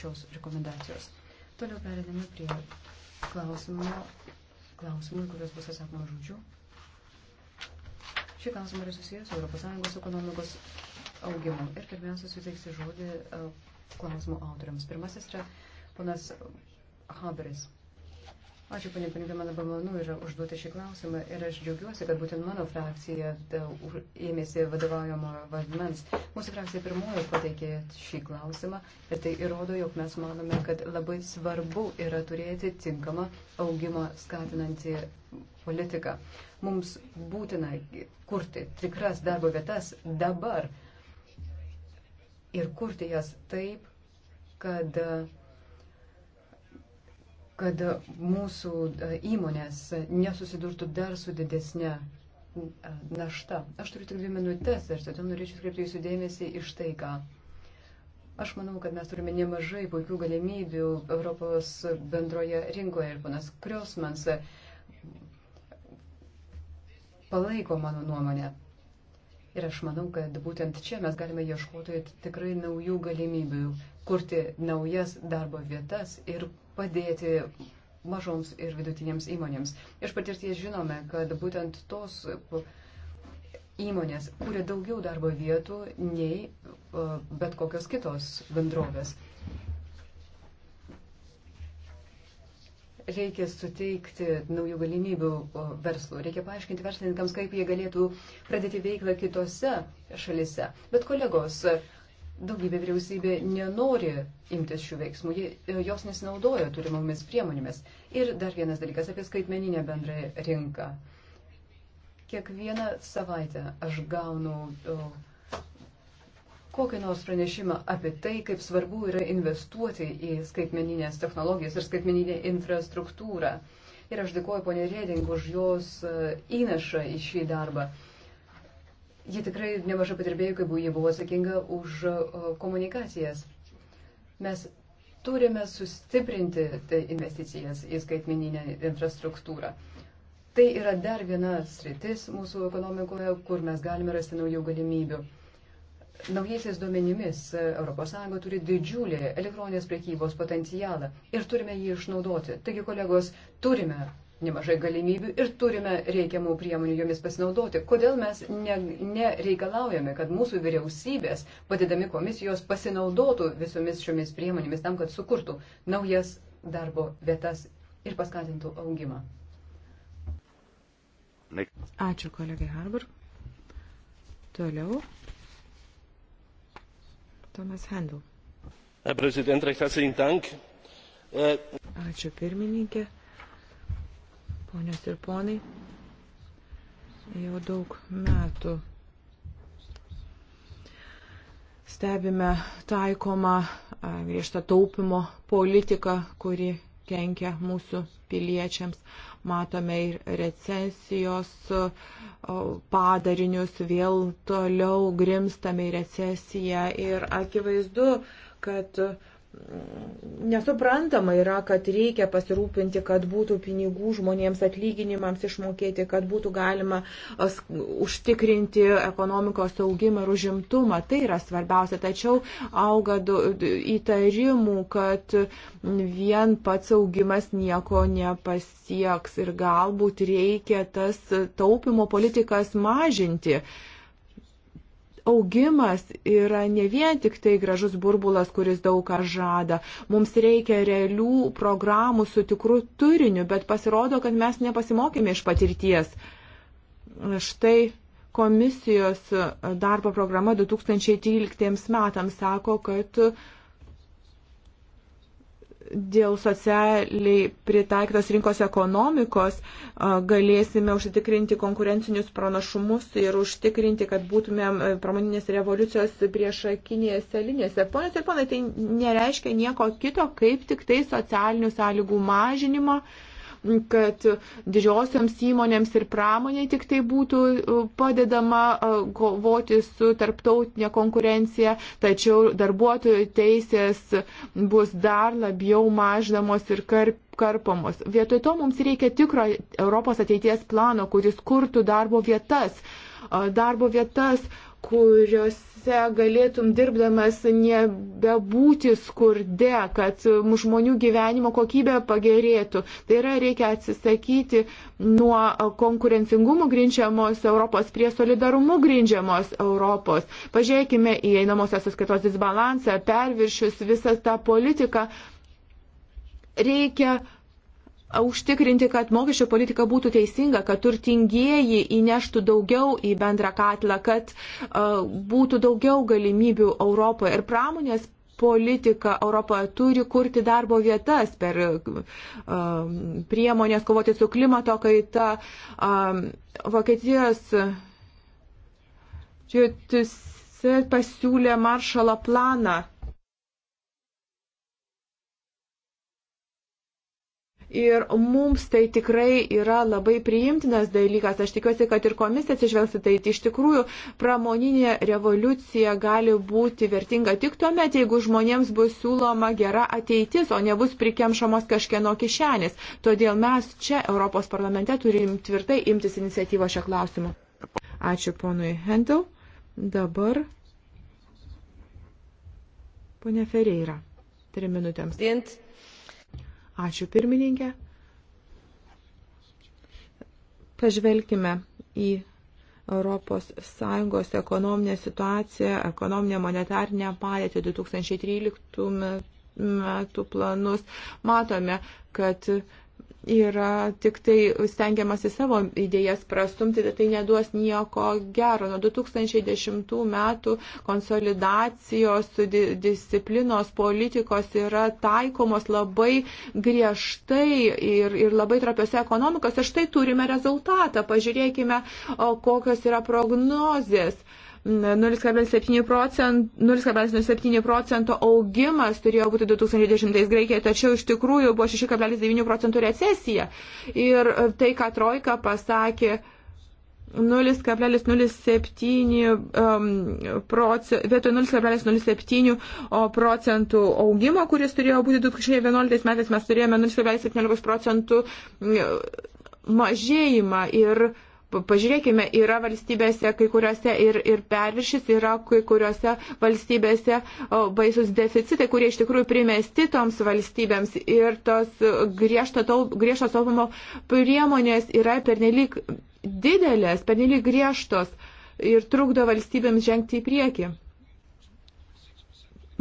šios rekomendacijos. Toliau perėdami prie klausimų, klausimų kuriuos bus atsakoma žodžiu. Šį klausimą yra susijęs su ES ekonomikos augimu. Ir pirmiausia, suteiksiu žodį e, klausimų autoriams. Pirmasis yra ponas Haberis. Ačiū, panė Panikė, man labai malonu yra užduoti šį klausimą ir aš džiaugiuosi, kad būtent mano frakcija e, ėmėsi vadovaujamo vadmens. Mūsų frakcija pirmoji pateikė šį klausimą ir tai įrodo, jog mes manome, kad labai svarbu yra turėti tinkamą augimą skatinantį politiką. Mums būtina kurti tikras darbo vietas dabar ir kurti jas taip, kad kad mūsų e, įmonės nesusidurtų dar su didesnė e, našta. Aš turiu tik dvi minutės ir todėl norėčiau kreipti jūsų dėmesį iš tai, ką. Aš manau, kad mes turime nemažai puikių galimybių Europos bendroje rinkoje ir panas Kriosmans e, palaiko mano nuomonę. Ir aš manau, kad būtent čia mes galime ieškoti tikrai naujų galimybių, kurti naujas darbo vietas ir padėti mažoms ir vidutinėms įmonėms. Iš patirties žinome, kad būtent tos įmonės kūrė daugiau darbo vietų nei e, bet kokios kitos bendrovės. Reikia suteikti naujų galimybių e, verslų, reikia paaiškinti verslininkams, kaip jie galėtų pradėti veiklą kitose šalise. Bet kolegos, daugybė vyriausybė nenori imtis šių veiksmų, e, jos nesinaudoja turimomis priemonėmis. Ir dar vienas dalykas apie skaitmeninę bendrąją rinką. Kiekvieną savaitę aš gaunu kokį nors pranešimą apie tai, kaip svarbu yra investuoti į skaitmeninės technologijas ir skaitmeninę infrastruktūrą. Ir aš dėkuoju ponė Rėding už jos e, įnašą į šį darbą. Ji tikrai nemažai patirbėjo, kai buvo, ji buvo atsakinga už e, komunikacijas. Mes turime sustiprinti tai investicijas į skaitmeninę infrastruktūrą. Tai yra dar viena sritis mūsų ekonomikoje, kur mes galime rasti naujų galimybių. Naujaisiais duomenimis ES turi didžiulį elektroninės priekybos potencialą ir turime jį išnaudoti. Taigi, kolegos, turime nemažai galimybių ir turime reikiamų priemonių jomis pasinaudoti. Kodėl mes ne, nereikalaujame, kad mūsų vyriausybės, padedami komisijos, pasinaudotų visomis šiomis priemonėmis tam, kad sukurtų naujas darbo vietas ir paskatintų augimą? Ačiū, kolegai Harbour. Toliau. Tomas Handel. Herr Präsident, recht herzlichen Dank. Äh, Ačiū pirmininkė ponios ir ponai, jau daug metų stebime taikomą griežtą taupimo politiką, kuri kenkia mūsų piliečiams. Matome ir recesijos padarinius, vėl toliau grimstame į recesiją ir akivaizdu, kad uh, Nesuprantama yra, kad reikia pasirūpinti, kad būtų pinigų žmonėms atlyginimams išmokėti, kad būtų galima užtikrinti ekonomikos augimą ir užimtumą. Tai yra svarbiausia. Tačiau auga įtarimų, kad vien pats augimas nieko nepasieks ir galbūt reikia tas taupimo politikas mažinti. Uh, augimas yra ne vien tik tai gražus burbulas, kuris daug ką žada. Mums reikia realių programų su tikru turiniu, bet pasirodo, kad mes nepasimokėme iš patirties. Štai komisijos darbo programa 2013 metams sako, kad dėl socialiai pritaikytos rinkos ekonomikos galėsime užsitikrinti konkurencinius pranašumus ir užtikrinti, kad būtumėm e, pramoninės revoliucijos priešakinėse linijose. Pone ir ponai, tai nereiškia nieko kito, kaip tik tai socialinių sąlygų mažinimo. Uh, kad didžiosioms įmonėms ir pramoniai tik tai būtų e, padedama e, kovoti su tarptautinė konkurencija, tačiau darbuotojų teisės bus dar labiau mažinamos ir karpinamos apkarpomos. Vietoj to mums reikia tikro Europos ateities plano, kuris kurtų darbo vietas, e, darbo vietas, kuriuose galėtum dirbdamas nebebūti skurde, kad žmonių gyvenimo kokybė pagerėtų. Tai yra, reikia atsisakyti nuo konkurencingumo grindžiamos Europos prie solidarumu grindžiamos Europos. Pažiūrėkime į einamosios sąskaitos disbalansą, perviršius, visą tą politiką. Reikia užtikrinti, kad mokesčio politika būtų teisinga, kad turtingieji įneštų daugiau į bendrą katlą, kad uh, būtų daugiau galimybių Europoje ir pramonės. Politika Europoje turi kurti darbo vietas per uh, priemonės kovoti su klimato kaita. Uh, Vokietijos čia pasiūlė maršalo planą Ir mums tai tikrai yra labai priimtinas dalykas. Aš tikiuosi, kad ir komisija atsižvelgs į tai. tai iš tikrųjų, pramoninė revoliucija gali būti vertinga tik tuomet, jeigu žmonėms bus siūloma gera ateitis, o nebus prikemšamos kažkieno kišenės. Todėl mes čia Europos parlamente turim tvirtai imtis iniciatyvą šią klausimą. Ačiū ponui Hendel. Dabar ponė Fereira. Trim minutėms. Dient. Ačiū pirmininkė. Pažvelkime į ES ekonominę situaciją, ekonominę monetarinę padėtį 2013 metų planus. Matome, kad yra tik tai stengiamasi savo idėjas prastumti, bet tai neduos nieko gero. Nuo 2010 metų konsolidacijos disciplinos politikos yra taikomos labai griežtai ir, ir labai trapiose ekonomikose. Ir štai turime rezultatą. Pažiūrėkime, kokios yra prognozės. Uh, 0,7 procento, procento augimas turėjo būti 2010 Graikijoje, tačiau iš tikrųjų buvo 6,9 procentų recesija. Ir tai, ką Trojka pasakė, 0,07 um, procentų, vietoj 0,07 procentų augimo, kuris turėjo būti 2011 metais, mes turėjome 0,17 procentų mm, mažėjimą. Ir Pažiūrėkime, yra valstybėse, kai kuriuose ir, ir perviršis, yra kai kuriuose valstybėse o, baisus deficitai, kurie iš tikrųjų primesti toms valstybėms ir tos griežto taupimo priemonės yra pernelyg didelės, pernelyg griežtos ir trukdo valstybėms žengti į priekį.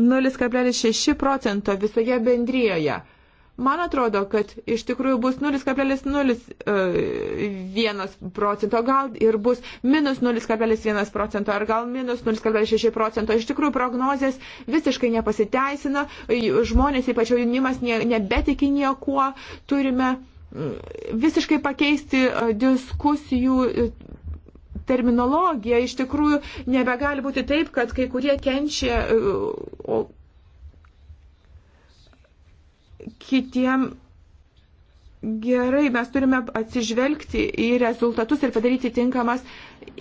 0,6 procento visoje bendryjoje. Man atrodo, kad iš tikrųjų bus 0,01 e, procento, gal ir bus minus 0,1 procento, ar gal minus 0,6 procento. Iš tikrųjų prognozijas visiškai nepasiteisina, e, žmonės, ypač jaunimas, ne, nebetiki niekuo, turime mm, visiškai pakeisti e, diskusijų terminologiją. Iš tikrųjų nebegali būti taip, kad kai kurie kenčia, o kitiem gerai, mes turime atsižvelgti į rezultatus ir padaryti tinkamas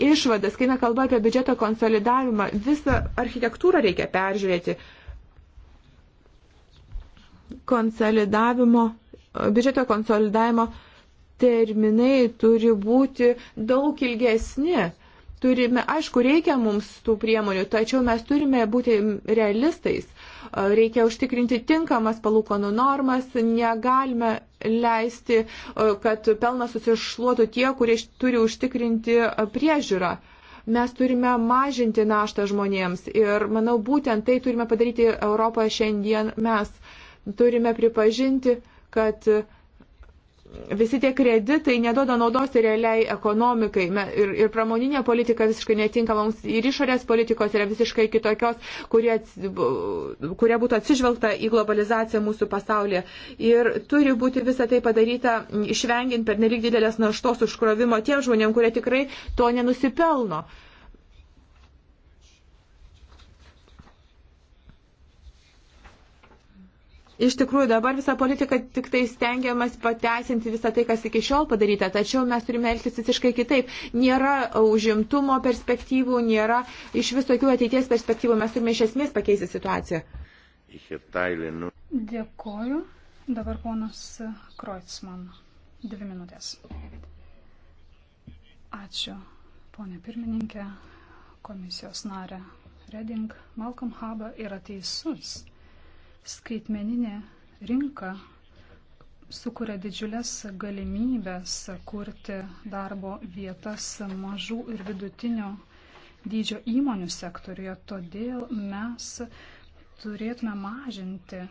išvadas. Kai na kalba apie biudžeto konsolidavimą, visą architektūrą reikia peržiūrėti. Konsolidavimo, biudžeto konsolidavimo terminai turi būti daug ilgesni Turime, aišku, reikia mums tų priemonių, tačiau mes turime būti realistais. Reikia užtikrinti tinkamas palūkanų normas, negalime leisti, kad pelnas susišluotų tie, kurie turi užtikrinti priežiūrą mes turime mažinti naštą žmonėms. Ir manau, būtent tai turime padaryti Europoje šiandien mes. Turime pripažinti, kad uh, visi tie kreditai neduoda naudos realiai ekonomikai ir, ir pramoninė politika visiškai netinkama mums ir išorės politikos yra visiškai kitokios, kurie, kurie būtų atsižvelgta į globalizaciją mūsų pasaulyje. Ir turi būti visą tai padaryta, išvengiant per nelik didelės naštos užkrovimo tiem žmonėm, kurie tikrai to nenusipelno. Uh, Iš tikrųjų, dabar visą politiką tik tai stengiamas pateisinti visą tai, kas iki šiol padaryta, tačiau mes turime elgtis visiškai kitaip. Nėra užimtumo perspektyvų, nėra iš vis tokių ateities perspektyvų, mes turime iš esmės pakeisti situaciją. Dėkoju. Dabar ponas Kreutzmann. Dvi minutės. Ačiū, ponė pirmininkė, komisijos narė Reding. Malcolm Haba yra teisus. Skaitmeninė rinka sukuria didžiulės galimybės kurti darbo vietas mažų ir vidutinio dydžio įmonių sektoriuje. Todėl mes turėtume mažinti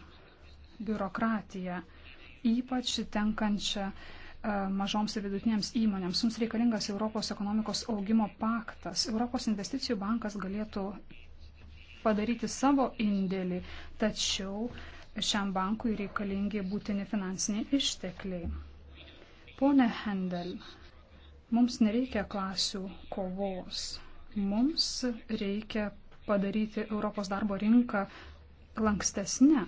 biurokratiją, ypač tenkančią e, mažoms ir vidutinėms įmonėms. Mums reikalingas Europos ekonomikos augimo paktas. Europos investicijų bankas galėtų padaryti savo indėlį, tačiau šiam bankui reikalingi būtini finansiniai ištekliai. Pone Hendel, mums nereikia klasių kovos. Mums reikia padaryti Europos darbo rinką lankstesnę.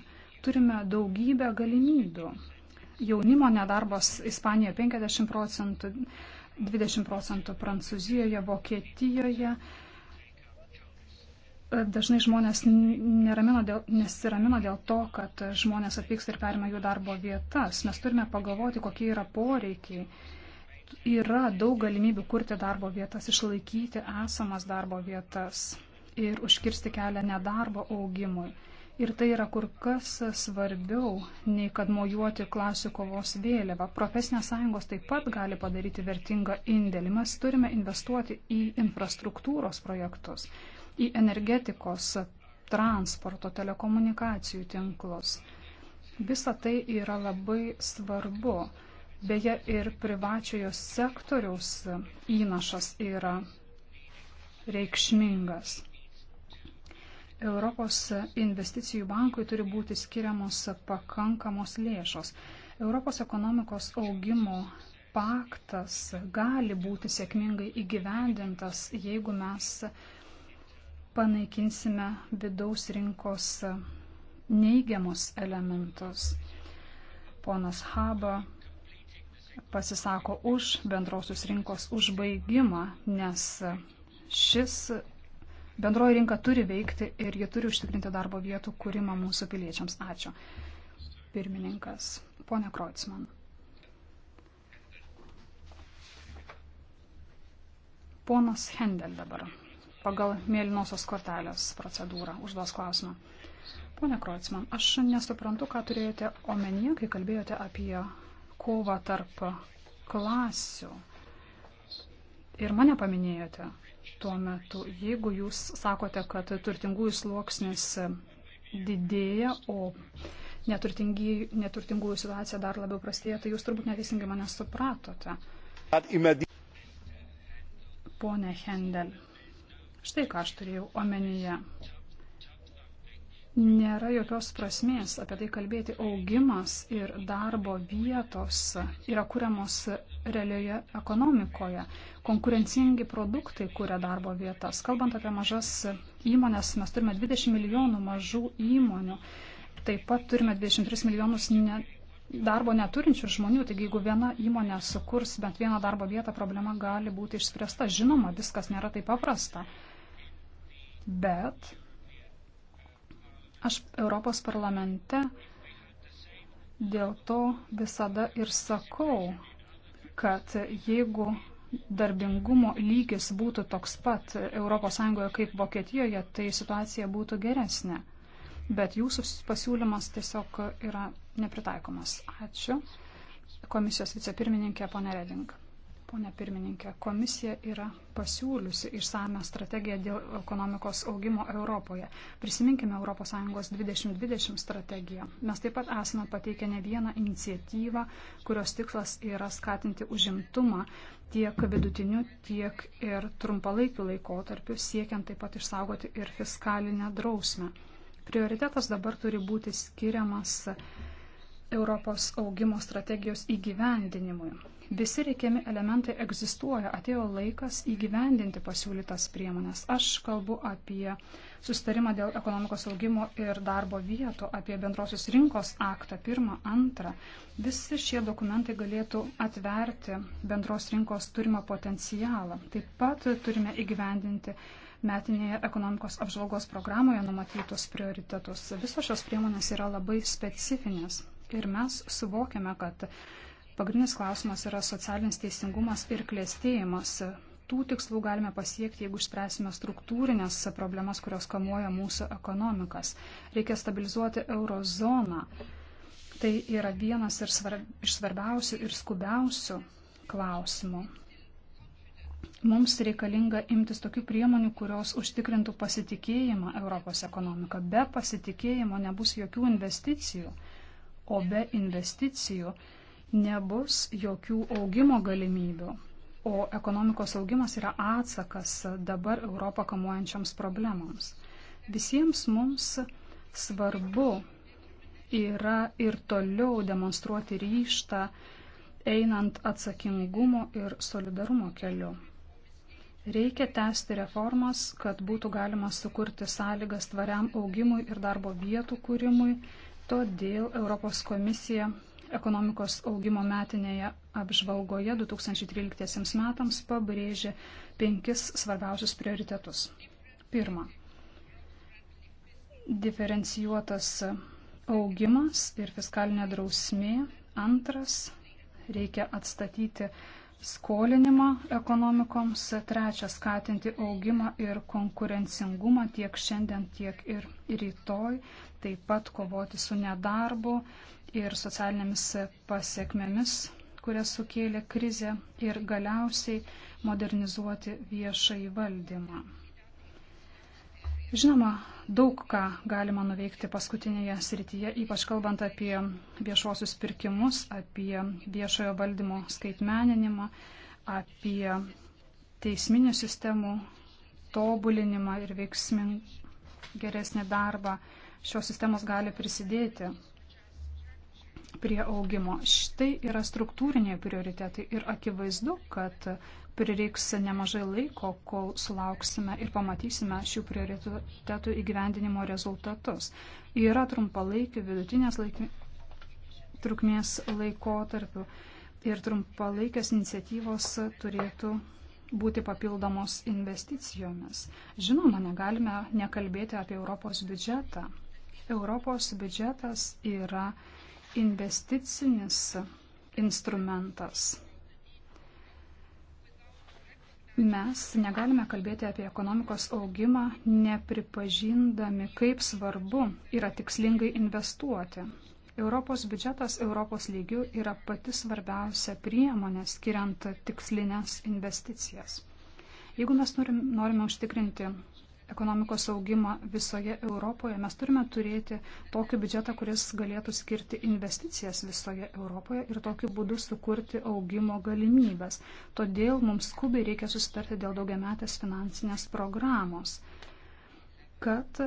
Turime daugybę galimybių. Jaunimo nedarbas Ispanijoje 50 procentų, 20 procentų Prancūzijoje, Vokietijoje Dažnai žmonės neramino dėl, nesiramino dėl to, kad žmonės atvyks ir perima jų darbo vietas. Mes turime pagalvoti, kokie yra poreikiai. Yra daug galimybių kurti darbo vietas, išlaikyti esamas darbo vietas ir užkirsti kelią nedarbo augimui. Ir tai yra kur kas svarbiau, nei kad mojuoti klasių kovos vėliavą. Profesinės sąjungos taip pat gali padaryti vertingą indėlį. Mes turime investuoti į infrastruktūros projektus į energetikos, transporto, telekomunikacijų tinklus. Visa tai yra labai svarbu. Beje, ir privačiojo sektoriaus įnašas yra reikšmingas. Europos investicijų bankui turi būti skiriamos pakankamos lėšos. Europos ekonomikos augimo paktas gali būti sėkmingai įgyvendintas, jeigu mes panaikinsime vidaus rinkos neigiamus elementus. Ponas Haba pasisako už bendrosios rinkos užbaigimą, nes šis bendroji rinka turi veikti ir ji turi užtikrinti darbo vietų kūrimą mūsų piliečiams. Ačiū. Pirmininkas, ponė Kreutzmann. Ponas Hendel dabar pagal mėlynosios kortelės procedūrą užduos klausimą. Pone Kroicman, aš nesuprantu, ką turėjote omenyje, kai kalbėjote apie kovą tarp klasių. Ir mane paminėjote tuo metu, jeigu jūs sakote, kad turtingųjų sluoksnis didėja, o neturtingųjų situacija dar labiau prastėja, tai jūs turbūt neteisingai mane supratote. Pone Hendel, Štai ką aš turėjau omenyje. Nėra jokios prasmės apie tai kalbėti. Augimas ir darbo vietos yra kuriamos realioje ekonomikoje. Konkurencingi produktai kuria darbo vietas. Kalbant apie mažas įmonės, mes turime 20 milijonų mažų įmonių. Taip pat turime 23 milijonus ne, darbo neturinčių žmonių, taigi jeigu viena įmonė sukurs bent vieną darbo vietą, problema gali būti išspręsta. Žinoma, viskas nėra taip paprasta bet aš Europos parlamente dėl to visada ir sakau, kad jeigu darbingumo lygis būtų toks pat ES kaip Vokietijoje, tai situacija būtų geresnė. Bet jūsų pasiūlymas tiesiog yra nepritaikomas. Ačiū. Komisijos vicepirmininkė ponė Reding. Pone pirmininkė, komisija yra pasiūliusi išsame strategiją dėl ekonomikos augimo Europoje. Prisiminkime ES 2020 strategiją. Mes taip pat esame pateikę ne vieną iniciatyvą, kurios tikslas yra skatinti užimtumą tiek vidutiniu, tiek ir trumpalaikiu laikotarpiu, siekiant taip pat išsaugoti ir fiskalinę drausmę. Prioritetas dabar turi būti skiriamas Europos augimo strategijos įgyvendinimui. Visi reikiami elementai egzistuoja, atėjo laikas įgyvendinti pasiūlytas priemonės. Aš kalbu apie sustarimą dėl ekonomikos augimo ir darbo vietų, apie bendrosios rinkos aktą, pirmą, antrą. Visi šie dokumentai galėtų atverti bendros rinkos turimą potencialą. Taip pat turime įgyvendinti metinėje ekonomikos apžvalgos programoje numatytus prioritetus. Visos šios priemonės yra labai specifinės ir mes suvokiame, kad Pagrindinis klausimas yra socialinis teisingumas ir klėstėjimas. Tų tikslų galime pasiekti, jeigu išspręsime struktūrinės problemas, kurios kamuoja mūsų ekonomikas. Reikia stabilizuoti eurozoną. Tai yra vienas ir svarb, iš svarbiausių ir skubiausių klausimų. Mums reikalinga imtis tokių priemonių, kurios užtikrintų pasitikėjimą Europos ekonomiką. Be pasitikėjimo nebus jokių investicijų, o be investicijų nebus jokių augimo galimybių. O ekonomikos augimas yra atsakas dabar Europą kamuojančioms problemams. Visiems mums svarbu yra ir toliau demonstruoti ryštą, einant atsakingumo ir solidarumo keliu. Reikia tęsti reformas, kad būtų galima sukurti sąlygas tvariam augimui ir darbo vietų kūrimui. Todėl Europos komisija ekonomikos augimo metinėje apžvalgoje 2013 metams pabrėžė penkis svarbiausius prioritetus. Pirma, diferencijuotas augimas ir fiskalinė drausmė. Antras, reikia atstatyti skolinimą ekonomikoms, trečia skatinti augimą ir konkurencingumą tiek šiandien, tiek ir rytoj, taip pat kovoti su nedarbu ir socialinėmis pasiekmėmis, kurias sukėlė krizė ir galiausiai modernizuoti viešai valdymą. Žinoma, daug ką galima nuveikti paskutinėje srityje, ypač kalbant apie viešuosius pirkimus, apie viešojo valdymo skaitmeninimą, apie teisminių sistemų tobulinimą ir veiksming geresnį darbą. Šios sistemos gali prisidėti prie augimo. Štai yra struktūriniai prioritetai ir akivaizdu, kad prireiks nemažai laiko, kol sulauksime ir pamatysime šių prioritetų įgyvendinimo rezultatus. Yra trumpalaikių, vidutinės laik... trukmės laikotarpių ir trumpalaikės iniciatyvos turėtų būti papildomos investicijomis. Žinoma, negalime nekalbėti apie Europos biudžetą. Europos biudžetas yra investicinis instrumentas Mes negalime kalbėti apie ekonomikos augimą, nepripažindami, kaip svarbu yra tikslingai investuoti. Europos biudžetas Europos lygių yra pati svarbiausia priemonė skiriant tikslinės investicijas. Jeigu mes norim, norime užtikrinti ekonomikos augimą visoje Europoje, mes turime turėti tokį biudžetą, kuris galėtų skirti investicijas visoje Europoje ir tokiu būdu sukurti augimo galimybės. Todėl mums skubiai reikia susitarti dėl daugiametės finansinės programos, kad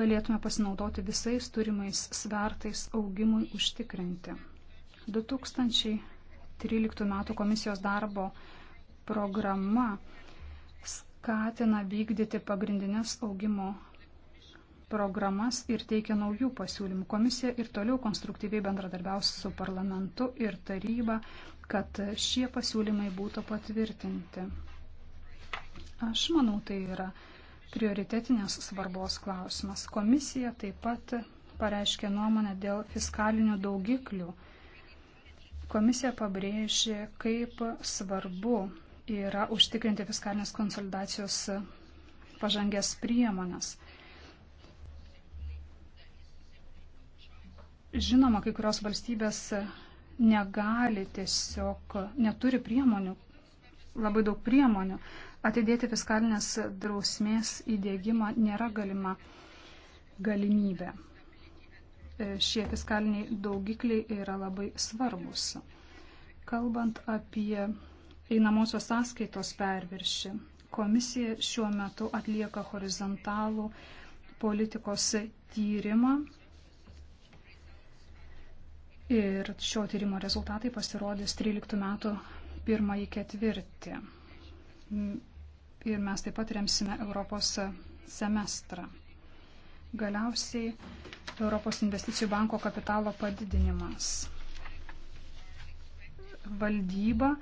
galėtume pasinaudoti visais turimais svertais augimui užtikrinti. 2013 m. komisijos darbo programa skatina vykdyti pagrindinės augimo programas ir teikia naujų pasiūlymų. Komisija ir toliau konstruktyviai bendradarbiaus su parlamentu ir taryba, kad šie pasiūlymai būtų patvirtinti. Aš manau, tai yra prioritetinės svarbos klausimas. Komisija taip pat pareiškė nuomonę dėl fiskalinių daugiklių. Komisija pabrėžė, kaip svarbu yra užtikrinti fiskalinės konsolidacijos pažangės priemonės. Žinoma, kai kurios valstybės negali tiesiog, neturi priemonių, labai daug priemonių. Atidėti fiskalinės drausmės įdėgymą nėra galima galimybė. Šie fiskaliniai daugikliai yra labai svarbus. Kalbant apie einamosios sąskaitos perviršį. Komisija šiuo metu atlieka horizontalų politikos tyrimą ir šio tyrimo rezultatai pasirodys 13 metų pirmąjį ketvirtį. Ir mes taip pat remsime Europos semestrą. Galiausiai Europos investicijų banko kapitalo padidinimas. Valdyba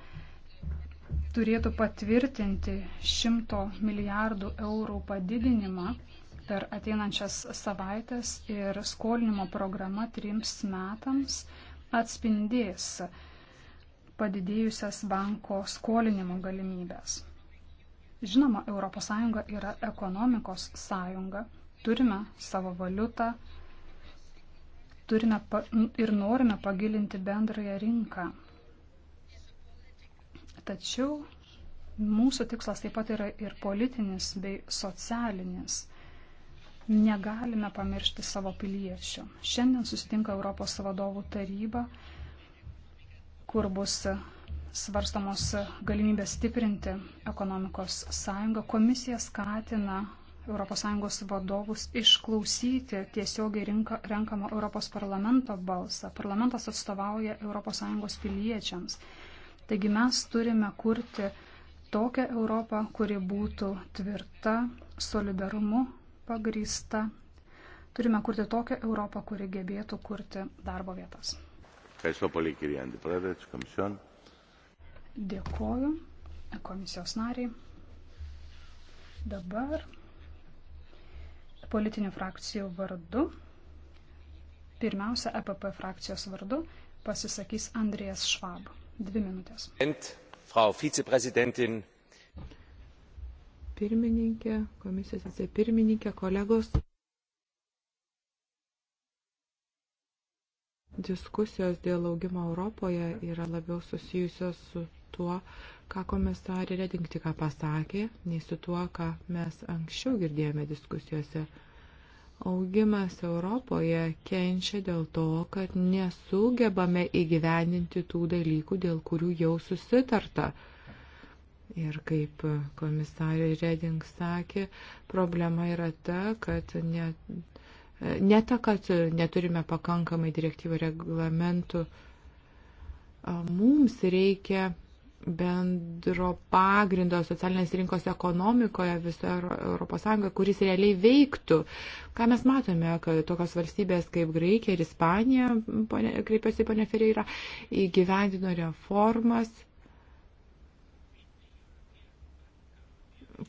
turėtų patvirtinti 100 milijardų eurų padidinimą per ateinančias savaitės ir skolinimo programa trims metams atspindės padidėjusias banko skolinimo galimybės. Žinoma, ES yra ekonomikos sąjunga, turime savo valiutą, turime ir norime pagilinti bendrąją rinką. Tačiau mūsų tikslas taip pat yra ir politinis bei socialinis. Negalime pamiršti savo piliečių. Šiandien susitinka Europos vadovų taryba, kur bus svarstamos galimybės stiprinti ekonomikos sąjungą. Komisija skatina ES vadovus išklausyti tiesiogiai rinka, renkamą Europos parlamento balsą. Parlamentas atstovauja ES piliečiams. Taigi mes turime kurti tokią Europą, kuri būtų tvirta, solidarumu pagrįsta. Turime kurti tokią Europą, kuri gebėtų kurti darbo vietas. Dėkoju komisijos nariai. Dabar politinių frakcijų vardu, pirmiausia, EPP frakcijos vardu pasisakys Andrijas Švab. Dvi minutės. Pirmininkė, komisijos vicepirmininkė, kolegos. Diskusijos dėl augimo Europoje yra labiau susijusios su tuo, ką komisarė Reding tik pasakė, nei su tuo, ką mes anksčiau girdėjome diskusijose augimas Europoje kenčia dėl to, kad nesugebame įgyvendinti tų dalykų, dėl kurių jau susitarta. Ir kaip komisarė Reding sakė, problema yra ta, kad ne, ne ta, kad neturime pakankamai direktyvų reglamentų, mums reikia bendro pagrindo socialinės rinkos ekonomikoje visoje Europos Sąjungoje, kuris realiai veiktų. Ką mes matome, kad tokios valstybės kaip Graikija ir Ispanija, kreipiasi ponė Ferreira, įgyvendino reformas,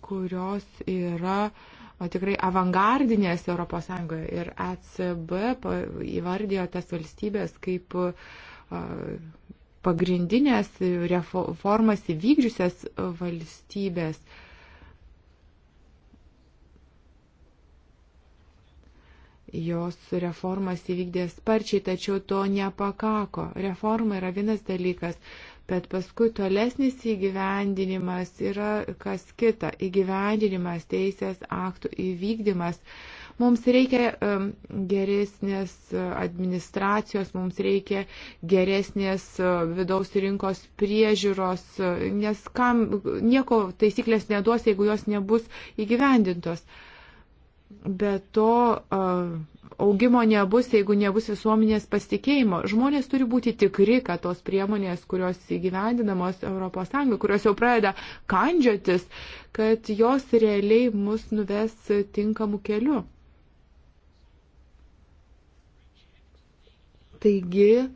kurios yra o tikrai avangardinės Europos Sąjungoje. Ir ECB įvardijo tas valstybės kaip pagrindinės reformas įvykdžiusias valstybės. Jos reformas įvykdė sparčiai, tačiau to nepakako. Reforma yra vienas dalykas, bet paskui tolesnis įgyvendinimas yra kas kita. Įgyvendinimas, teisės aktų įvykdymas. Uh, Mums reikia geresnės administracijos, mums reikia geresnės e, vidaus rinkos priežiūros, e, nes kam nieko taisyklės neduos, jeigu jos nebus įgyvendintos. Be to, e, augimo nebus, jeigu nebus visuomenės pasitikėjimo. Žmonės turi būti tikri, kad tos priemonės, kurios įgyvendinamos ES, kurios jau pradeda kandžiotis, kad jos realiai mus nuves tinkamu keliu. Taigi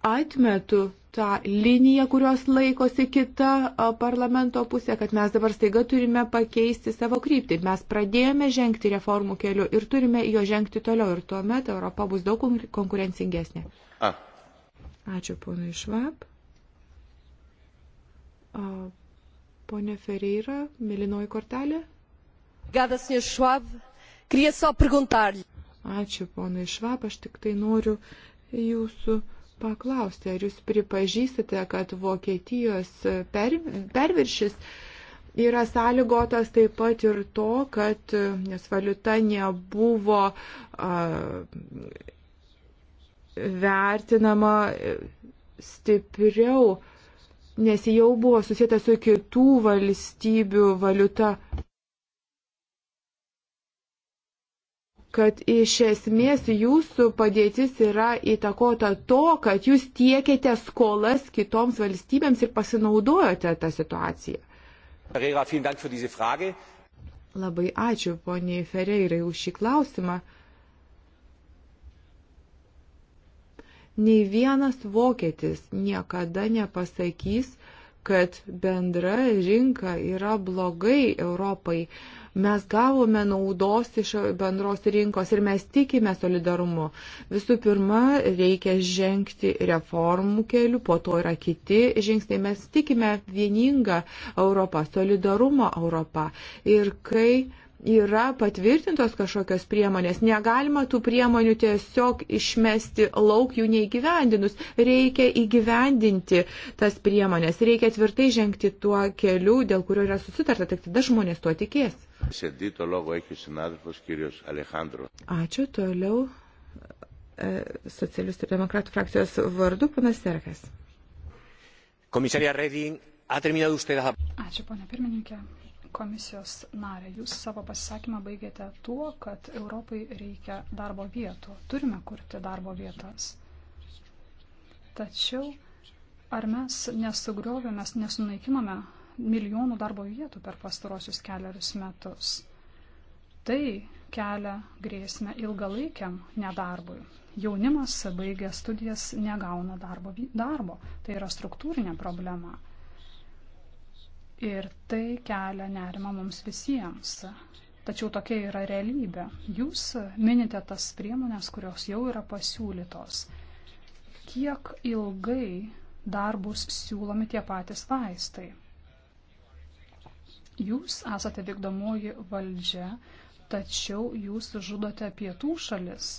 atmetu tą liniją, kurios laikosi kita parlamento pusė, kad mes dabar staiga turime pakeisti savo kryptį. Mes pradėjome žengti reformų keliu ir turime jo žengti toliau ir tuomet Europa bus daug konkurencingesnė. A. Ačiū ponui Švab. Pone Ferreira, mėlynoji kortelė. Gadas Švab, kvies savo perguntarlį. Ačiū ponui Švab, aš tik tai noriu jūsų paklausti, ar jūs pripažįstate, kad Vokietijos per, perviršis yra sąlygotas taip pat ir to, kad e, nes valiuta nebuvo a, vertinama e, stipriau, nes jau buvo susijęta su kitų valstybių valiuta. kad iš esmės jūsų padėtis yra įtakota to, kad jūs tiekėte skolas kitoms valstybėms ir pasinaudojote tą situaciją. Ferreira, Labai ačiū poniai Ferreirai už šį klausimą. Nei vienas vokietis niekada nepasakys, kad bendra rinka yra blogai Europai. Uh, Mes gavome naudos iš bendros rinkos ir mes tikime solidarumu. Visų pirma, reikia žengti reformų keliu, po to yra kiti žingsniai. Mes tikime vieningą Europą, solidarumo Europą. Ir kai yra patvirtintos kažkokios priemonės. Negalima tų priemonių tiesiog išmesti lauk jų neįgyvendinus. Reikia įgyvendinti tas priemonės. Reikia tvirtai žengti tuo keliu, dėl kurio yra susitarta. Tik tada žmonės tuo tikės. Ačiū toliau e, socialistų ir demokratų frakcijos vardu, panas Serkas. Komisarė Reding, ha terminado usted. Ačiū, ponia pirmininkė. Komisijos narė, jūs savo pasisakymą baigėte tuo, kad Europai reikia darbo vietų. Turime kurti darbo vietas. Tačiau ar mes nesugriovėme, mes nesunaikinome milijonų darbo vietų per pastarosius keliarius metus? Tai kelia grėsmę ilgalaikiam nedarbui. Jaunimas baigė studijas negauna darbo. darbo. Tai yra struktūrinė problema. Ir tai kelia nerima mums visiems. Tačiau tokia yra realybė. Jūs minite tas priemonės, kurios jau yra pasiūlytos. Kiek ilgai dar bus siūlomi tie patys vaistai? Jūs esate vykdomoji valdžia, tačiau jūs žudote pietų šalis.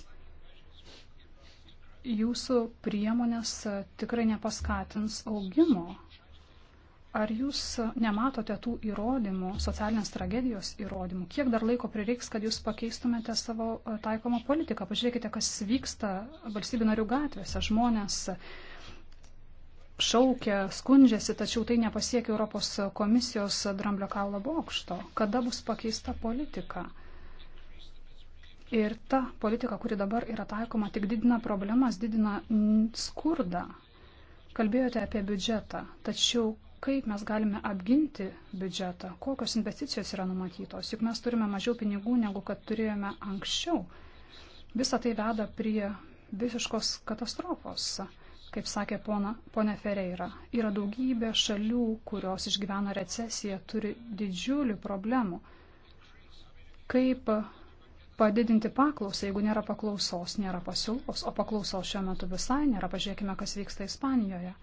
Jūsų priemonės tikrai nepaskatins augimo Ar jūs nematote tų įrodymų, socialinės tragedijos įrodymų? Kiek dar laiko prireiks, kad jūs pakeistumėte savo e, taikomą politiką? Pažiūrėkite, kas vyksta valstybių narių gatvėse. Žmonės šaukia, skundžiasi, tačiau tai nepasiekia Europos komisijos dramblio kaulo bokšto. Kada bus pakeista politika? Ir ta politika, kuri dabar yra taikoma, tik didina problemas, didina skurdą. Kalbėjote apie biudžetą, tačiau kaip mes galime apginti biudžetą, kokios investicijos yra numatytos, juk mes turime mažiau pinigų negu kad turėjome anksčiau. Visa tai veda prie visiškos katastrofos, kaip sakė pona, ponė Ferreira. Yra daugybė šalių, kurios išgyvena recesiją, turi didžiulių problemų. Kaip padidinti paklausą, jeigu nėra paklausos, nėra pasiūlos, o paklausos šiuo metu visai nėra. Pažiūrėkime, kas vyksta Ispanijoje.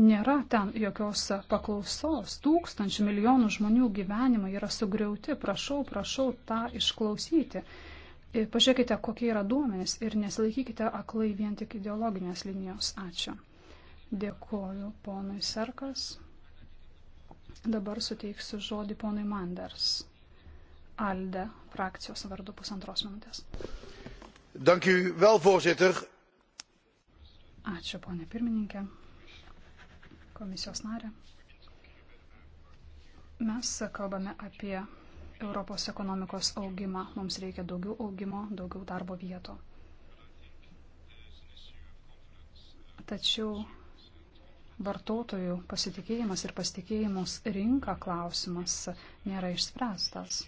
nėra ten jokios paklausos. Tūkstančių milijonų žmonių gyvenimai yra sugriauti. Prašau, prašau tą išklausyti. E, pažiūrėkite, kokie yra duomenys ir nesilaikykite aklai vien tik ideologinės linijos. Ačiū. Dėkoju ponui Serkas. Dabar suteiksiu žodį ponui Manders. Alde frakcijos vardu pusantros minutės. Dank u wel, voorzitter. Ačiū, ponė pirmininkė komisijos narė. Mes kalbame apie Europos ekonomikos augimą. Mums reikia daugiau augimo, daugiau darbo vieto. Tačiau vartotojų pasitikėjimas ir pasitikėjimus rinka klausimas nėra išspręstas.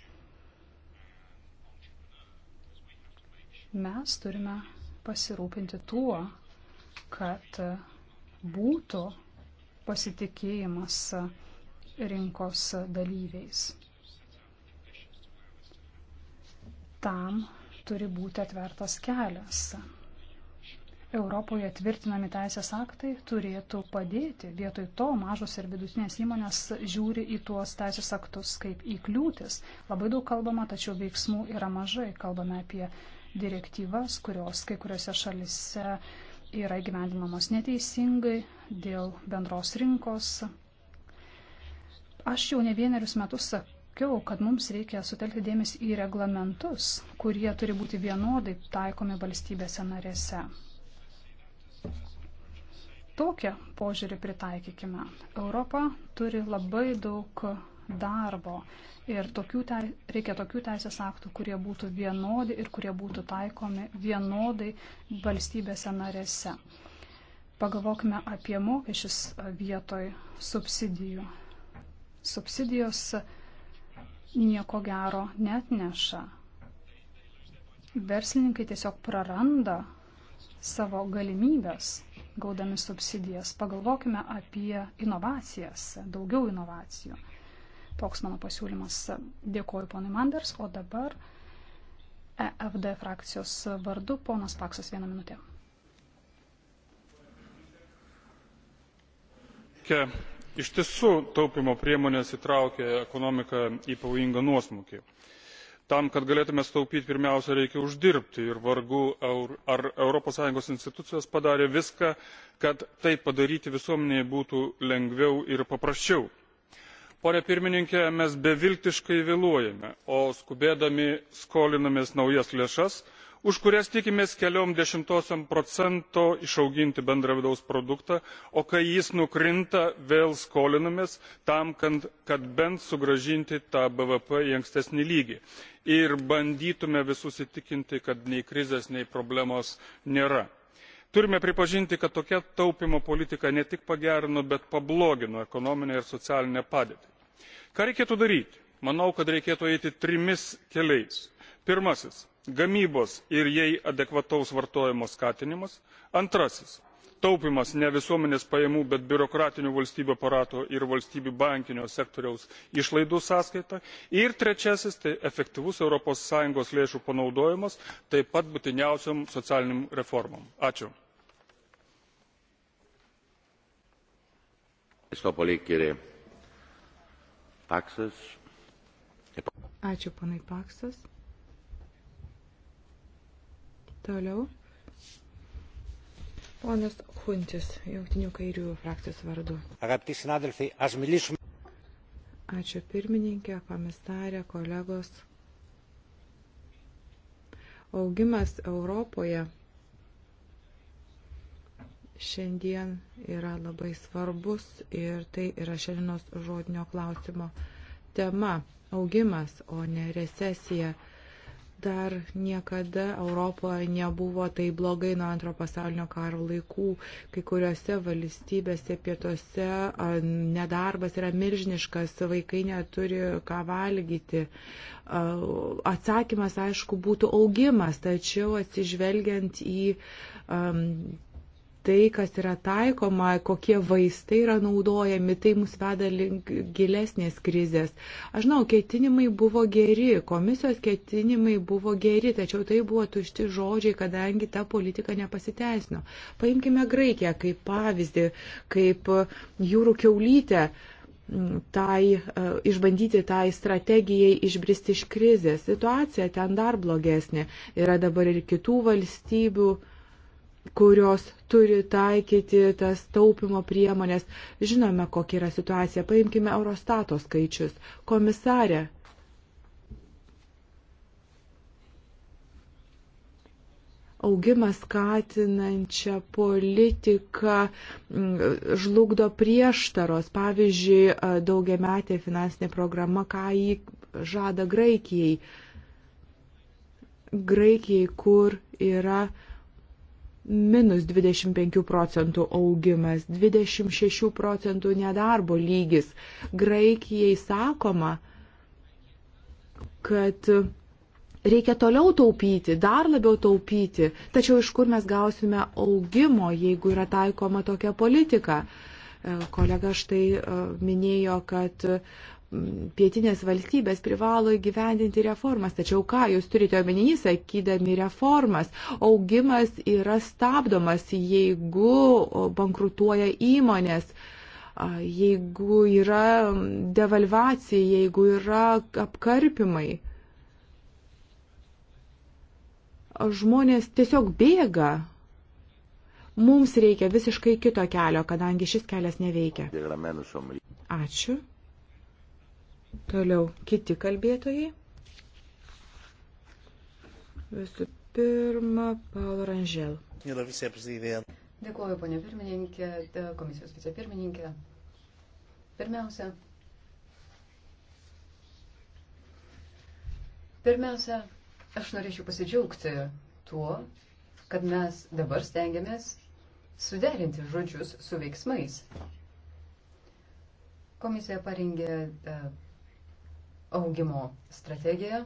Mes turime pasirūpinti tuo, kad būtų pasitikėjimas rinkos dalyviais. Tam turi būti atvertas kelias. Europoje tvirtinami teisės aktai turėtų padėti. Vietoj to mažos ir vidutinės įmonės žiūri į tuos teisės aktus kaip į kliūtis. Labai daug kalbama, tačiau veiksmų yra mažai. Kalbame apie direktyvas, kurios kai kuriuose šalise yra gyvendinamos neteisingai dėl bendros rinkos. Aš jau ne vienerius metus sakiau, kad mums reikia sutelkti dėmesį į reglamentus, kurie turi būti vienodai taikomi valstybėse narėse. Tokią požiūrį pritaikykime. Europa turi labai daug darbo. Ir tokių teis, reikia tokių teisės aktų, kurie būtų vienodi ir kurie būtų taikomi vienodai valstybėse narėse. Pagalvokime apie mokesčius vietoj subsidijų. Subsidijos nieko gero net neša. Verslininkai tiesiog praranda savo galimybės gaudami subsidijas. Pagalvokime apie inovacijas, daugiau inovacijų. Toks mano pasiūlymas. Dėkoju ponui Manders, o dabar EFD frakcijos vardu ponas Paksas vieną minutę. Iš tiesų taupimo priemonės įtraukė ekonomiką į pavojingą nuosmukį tam kad galėtume sutaupyti pirmiausia reikia uždirbti ir vargu ar europos sąjungos institucijos padarė viską kad tai padaryti visuomenei būtų lengviau ir paprasčiau pone pirmininke mes beviltiškai vėluojame o skubėdami skolinamės naujas lėšas už kurias tikimės keliom dešimtosiom procento išauginti bendrą vidaus produktą o kai jis nukrinta vėl skolinamės tam kad bent sugrąžinti tą bvp į ankstesnį lygį ir bandytume visus įtikinti kad nei krizės nei problemos nėra turime pripažinti kad tokia taupymo politika ne tik pagerino bet pablogino ekonominę ir socialinę padėtį ką reikėtų daryti? manau kad reikėtų eiti trimis keliais pirmasis gamybos ir jai adekvataus vartojimo skatinimas antrasis taupymas ne visuomenės pajamų bet biurokratinių valstybių aparato ir valstybių bankinio sektoriaus išlaidų sąskaita ir trečiasis tai efektyvus europos sąjungos lėšų panaudojimas taip pat būtiniausiom socialinėm reformom. ačiū. Stopoli, Paksas. Ačiū, panai Paksas. Toliau. Ponas Huntis, jungtinių kairių frakcijos vardu. Ačiū pirmininkė, komisarė, kolegos. Augimas Europoje šiandien yra labai svarbus ir tai yra šiandienos žodinio klausimo tema - augimas, o ne recesija. Dar niekada Europoje nebuvo tai blogai nuo antro pasaulinio karo laikų. Kai kuriuose valstybėse pietuose nedarbas yra milžiniškas, vaikai neturi ką valgyti. Atsakymas, aišku, būtų augimas, tačiau atsižvelgiant į um, tai, kas yra taikoma, kokie vaistai yra naudojami, tai mus veda link gilesnės krizės. Aš žinau, ketinimai buvo geri, komisijos ketinimai buvo geri, tačiau tai buvo tušti žodžiai, kadangi ta politika nepasiteisino. Paimkime Graikiją kaip pavyzdį, kaip jūrų keulytę tai, e, išbandyti tai strategijai išbristi iš krizės. Situacija ten dar blogesnė. Yra dabar ir kitų valstybių kurios turi taikyti tas taupimo priemonės. Žinome, kokia yra situacija. Paimkime Eurostato skaičius. Komisarė. Augimas skatinančią politiką žlugdo prieštaros. Pavyzdžiui, daugiametė finansinė programa, ką jį žada Graikijai. Graikijai, kur yra uh, minus 25 procentų augimas, 26 procentų nedarbo lygis. Graikijai sakoma, kad reikia toliau taupyti, dar labiau taupyti. Tačiau iš kur mes gausime augimo, jeigu yra taikoma tokia politika? E, kolega štai e, minėjo, kad pietinės valstybės privalo įgyvendinti reformas. Tačiau ką jūs turite omenyje, sakydami reformas? Augimas yra stabdomas, jeigu bankrutuoja įmonės, jeigu yra devalvacija, jeigu yra apkarpimai. Žmonės tiesiog bėga mums reikia visiškai kito kelio, kadangi šis kelias neveikia. Ačiū. Toliau kiti kalbėtojai. Visų pirma, Paulo Rangel. Dėkuoju, ponė pirmininkė, komisijos vicepirmininkė. Pirmiausia, pirmiausia, aš norėčiau pasidžiaugti tuo, kad mes dabar stengiamės suderinti žodžius su veiksmais. Komisija parengė augimo strategiją.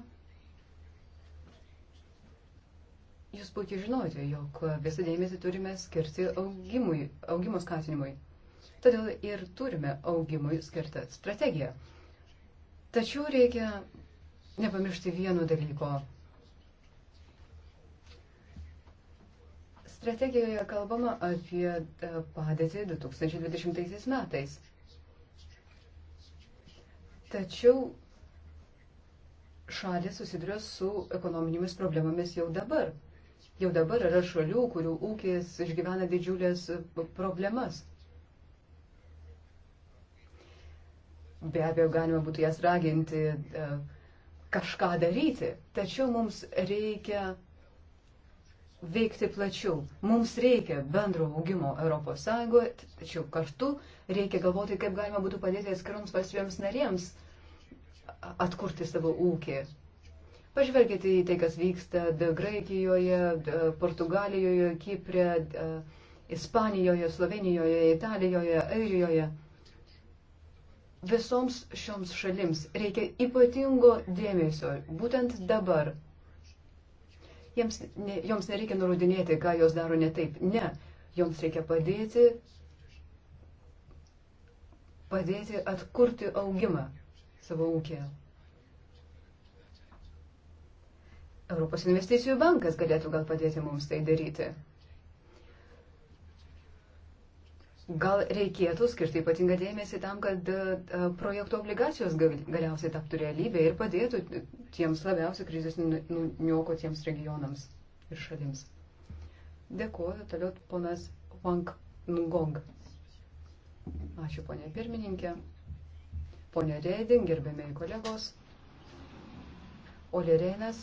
Jūs puikiai žinote, jog visą dėmesį turime skirti augimui, augimo skatinimui. Todėl ir turime augimui skirtą strategiją. Tačiau reikia nepamiršti vieno dalyko. Strategijoje kalbama apie e, padėtį 2020 metais. Tačiau šalis susiduria su ekonominėmis problemomis jau dabar. Jau dabar yra šalių, kurių ūkis išgyvena didžiulės problemas. Be abejo, galima būtų jas raginti e, kažką daryti, tačiau mums reikia veikti plačiau. Mums reikia bendro augimo ES, tačiau kartu reikia galvoti, kaip galima būtų padėti atskiroms valstybėms narėms atkurti savo ūkį. Pažvelkite į tai, kas vyksta Graikijoje, Portugalijoje, Kiprė, Ispanijoje, Slovenijoje, Italijoje, Airijoje. Visoms šioms šalims reikia ypatingo dėmesio, būtent dabar. Jiems, ne, joms nereikia nurodinėti, ką jos daro ne taip. Ne, joms reikia padėti, padėti atkurti augimą savo ūkį. Europos investicijų bankas galėtų gal padėti mums tai daryti. Gal reikėtų skirti ypatingą dėmesį tam, kad e, e, projektų obligacijos galiausiai taptų realybė ir padėtų tiems labiausiai krizės nuniokotiems nu, regionams ir šalims. Dėkuoju, toliau ponas Wang Ngong. Ačiū, ponė pirmininkė. Pone Reidin, gerbėmiai kolegos, Oli Reinas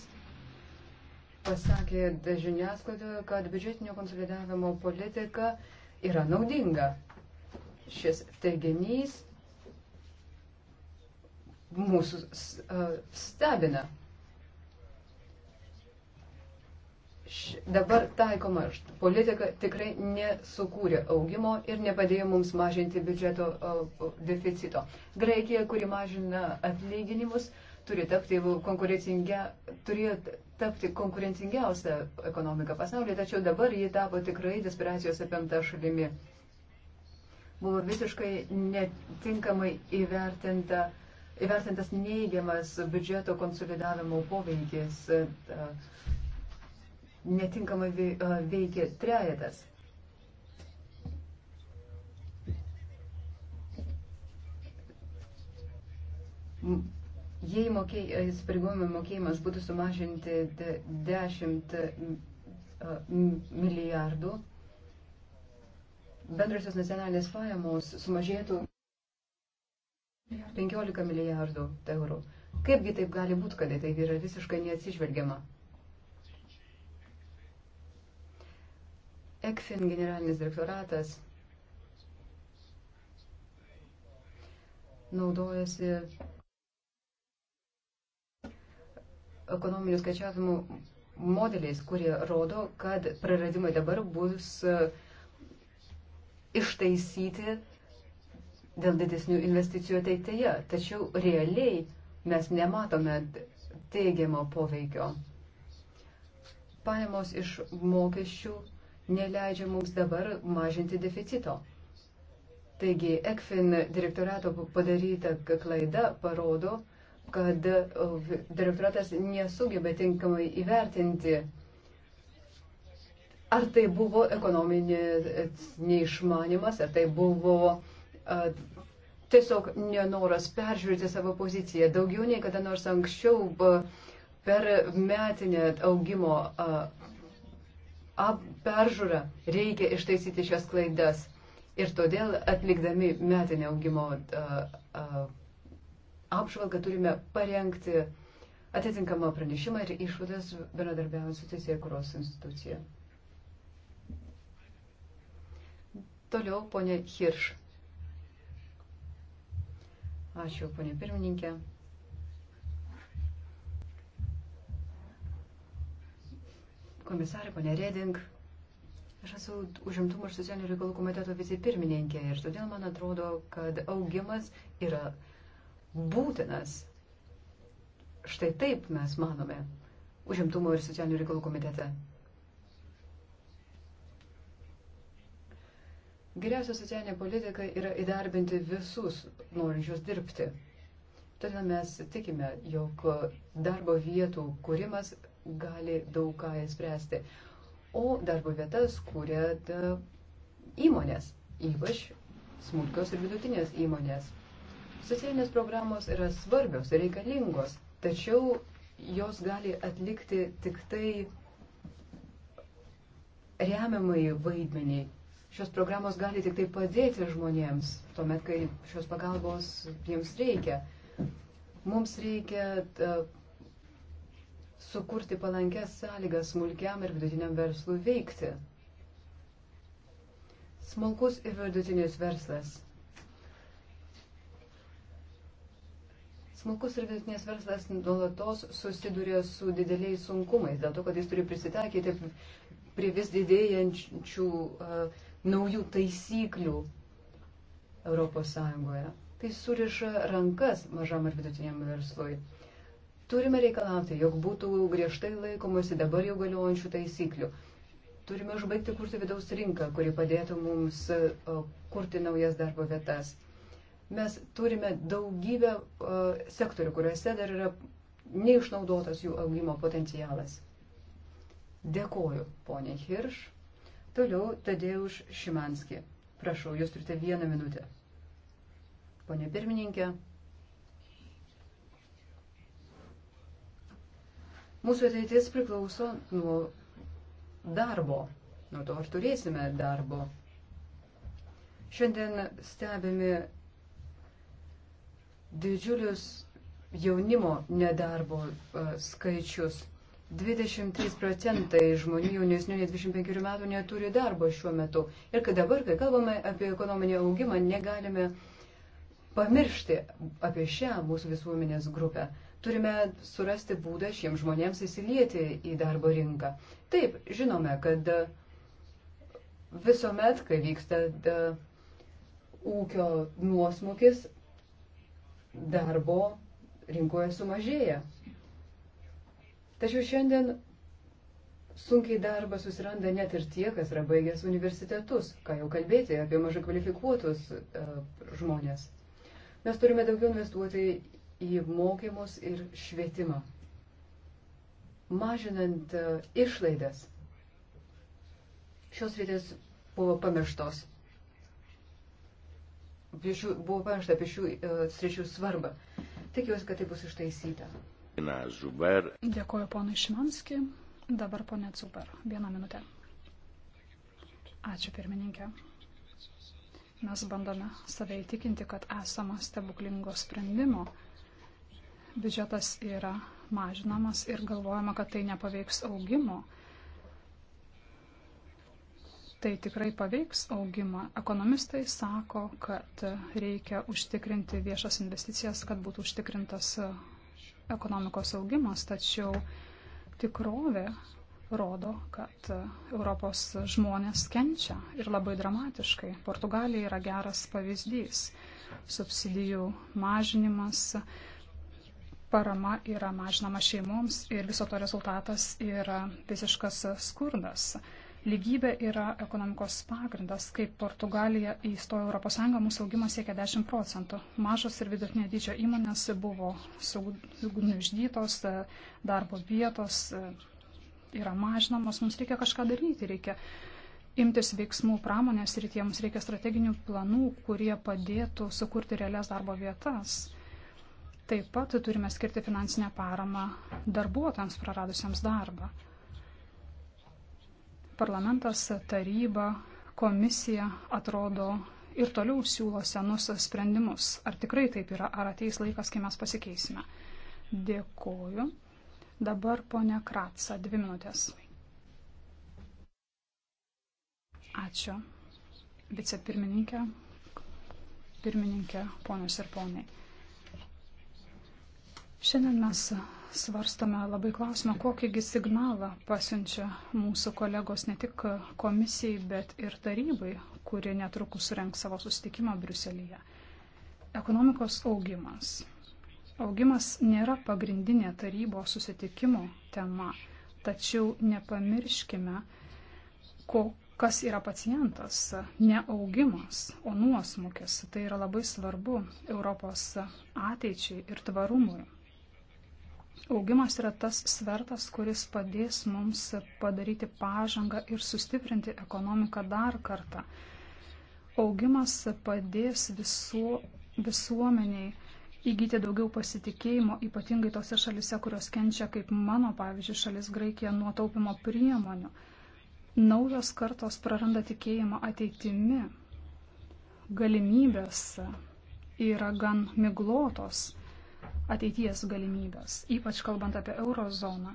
pasakė žiniasklaidoje, kad biudžetinio konsolidavimo politika yra naudinga. Šis teiginys mūsų stebina. dabar taikoma politika tikrai nesukūrė augimo ir nepadėjo mums mažinti biudžeto deficito. Graikija, kuri mažina atlyginimus, turi tapti konkurencingia, turėjo tapti konkurencingiausia ekonomika pasaulyje, tačiau dabar ji tapo tikrai desperacijos apimta šalimi. Buvo visiškai netinkamai įvertinta, įvertintas neigiamas biudžeto konsolidavimo poveikis. Uh, netinkamai veikia trejetas. Jei įsipareigojimų mokėjimas būtų sumažinti 10 milijardų, bendrasios nacionalinės pajamos sumažėtų 15 milijardų eurų. Kaipgi taip gali būti, kad tai yra visiškai neatsižvelgiama? ECFIN generalinis direktoratas naudojasi ekonominių skaičiavimų modeliais, kurie rodo, kad praradimai dabar bus e, ištaisyti dėl didesnių investicijų ateityje. Tačiau realiai mes nematome teigiamo poveikio. Pajamos iš mokesčių neleidžia mums dabar mažinti deficito. Taigi, ECFIN direktorato padaryta klaida parodo, kad e, direktoratas nesugeba tinkamai įvertinti, ar tai buvo ekonominis e, neišmanimas, ar tai buvo a, e, tiesiog nenoras peržiūrėti savo poziciją. Daugiau nei kada nors anksčiau per metinę augimo a, peržiūrą reikia ištaisyti šias klaidas. Ir todėl atlikdami metinę augimo apžvalgą turime parengti atitinkamą pranešimą ir išvadas bendradarbiaujant su Teisėkuros institucija. Toliau ponė Hirš. Ačiū, ponė pirmininkė. komisarė, ponė Reding. Aš esu užimtumo ir socialinių reikalų komiteto vicepirmininkė ir todėl man atrodo, kad augimas yra būtinas. Štai taip mes manome užimtumo ir socialinių reikalų komitete. Geriausia socialinė politika yra įdarbinti visus norinčius dirbti. Todėl mes tikime, jog darbo vietų kūrimas gali daug ką įspręsti. O darbo vietas kūrė e, įmonės, ypač smulkios ir vidutinės įmonės. Socialinės programos yra svarbios ir reikalingos, tačiau jos gali atlikti tik tai remiamai vaidmenį. Šios programos gali tik tai padėti žmonėms, tuomet, kai šios pagalbos jiems reikia. Mums reikia e, sukurti palankės sąlygas smulkiam ir vidutiniam verslui veikti. Smulkus ir vidutinis verslas. Smulkus ir vidutinės verslas nuolatos susiduria su dideliais sunkumais, dėl to, kad jis turi prisitaikyti prie vis didėjančių uh, naujų taisyklių Europos Sąjungoje. Tai suriša rankas mažam ir vidutiniam verslui. Turime reikalauti, jog būtų griežtai laikomasi dabar jau galiojančių taisyklių. Turime užbaigti kurti vidaus rinką, kuri padėtų mums e, kurti naujas darbo vietas. Mes turime daugybę e, sektorių, kuriuose dar yra neišnaudotas jų augimo potencialas. Dėkoju, ponė Hirš. Toliau Tadeuš Šimanski. Prašau, jūs turite vieną minutę. Pone pirmininkė, Mūsų ateitis priklauso nuo darbo, nuo to, ar turėsime darbo. Šiandien stebime didžiulius jaunimo nedarbo e, skaičius. 23 procentai žmonių jaunesnių nei 25 metų neturi darbo šiuo metu. Ir kad dabar, kai kalbame apie ekonominį augimą, negalime pamiršti apie šią mūsų visuomenės grupę. Turime surasti būdą šiems žmonėms įsilieti į darbo rinką. Taip, žinome, kad e, visuomet, kai vyksta da, e, ūkio nuosmukis, darbo rinkoje sumažėja. Tačiau šiandien sunkiai darbą susiranda net ir tie, kas yra baigęs universitetus, ką jau kalbėti apie mažai kvalifikuotus uh, žmonės. Mes turime daugiau investuoti į mokymus ir švietimą, mažinant e, išlaidas. Šios rytis buvo pamirštos. Šių, buvo pamiršta apie šių e, sričių svarbą. Tikiuosi, kad tai bus ištaisyta. Dėkuoju ponui Šimanski. Dabar ponė Cuber. Vieną minutę. Ačiū pirmininkė. Mes bandome save įtikinti, kad esama stebuklingo sprendimo biudžetas yra mažinamas ir galvojama, kad tai nepaveiks augimo. Tai tikrai paveiks augimą. Ekonomistai sako, kad reikia užtikrinti viešas investicijas, kad būtų užtikrintas ekonomikos augimas, tačiau tikrovė rodo, kad Europos žmonės kenčia ir labai dramatiškai. Portugalija yra geras pavyzdys. Subsidijų mažinimas, parama yra mažinama šeimoms ir viso to rezultatas yra visiškas skurdas. Lygybė yra ekonomikos pagrindas. Kaip Portugalija įstojo Europos Sąjungą, mūsų augimas siekia 10 procentų. Mažos ir vidutinio dydžio įmonės buvo sugniuždytos, darbo vietos yra mažinamos, mums reikia kažką daryti, reikia imtis veiksmų pramonės rytyje, mums reikia strateginių planų, kurie padėtų sukurti realias darbo vietas. Taip pat turime skirti finansinę paramą darbuotojams praradusiems darbą. Parlamentas, taryba, komisija atrodo ir toliau siūlo senus sprendimus. Ar tikrai taip yra, ar ateis laikas, kai mes pasikeisime? Dėkoju. Dabar ponia Kratsa, dvi minutės. Ačiū. Vicepirmininkė, pirmininkė, ponios ir poniai. Šiandien mes svarstame labai klausimą, kokįgi signalą pasiunčia mūsų kolegos ne tik komisijai, bet ir tarybai, kuri netrukus surenks savo susitikimą Briuselyje. Ekonomikos augimas. Augimas nėra pagrindinė tarybos susitikimo tema, tačiau nepamirškime, ko, kas yra pacientas. Ne augimas, o nuosmukis. Tai yra labai svarbu Europos ateičiai ir tvarumui. Augimas yra tas svertas, kuris padės mums padaryti pažangą ir sustiprinti ekonomiką dar kartą. Augimas padės visuo, visuomeniai įgyti daugiau pasitikėjimo, ypatingai tose šalise, kurios kenčia, kaip mano, pavyzdžiui, šalis Graikija, nuo taupimo priemonių. Naujos kartos praranda tikėjimą ateitimi. Galimybės yra gan miglotos ateities galimybės, ypač kalbant apie eurozoną.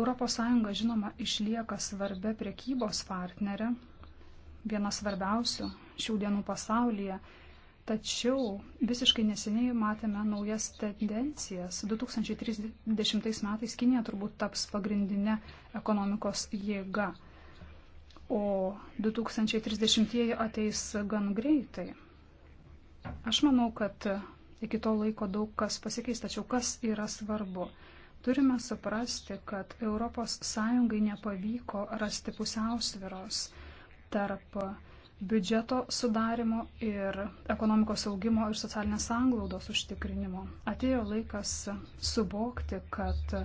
ES žinoma išlieka svarbia prekybos partnerė, viena svarbiausių šių dienų pasaulyje, tačiau visiškai neseniai matėme naujas tendencijas. 2030 metais Kinija turbūt taps pagrindinė ekonomikos jėga, o 2030 ateis gan greitai. Aš manau, kad Iki to laiko daug kas pasikeis, tačiau kas yra svarbu? Turime suprasti, kad ES nepavyko rasti pusiausviros tarp biudžeto sudarimo ir ekonomikos augimo ir socialinės sanglaudos užtikrinimo. Atėjo laikas subokti, kad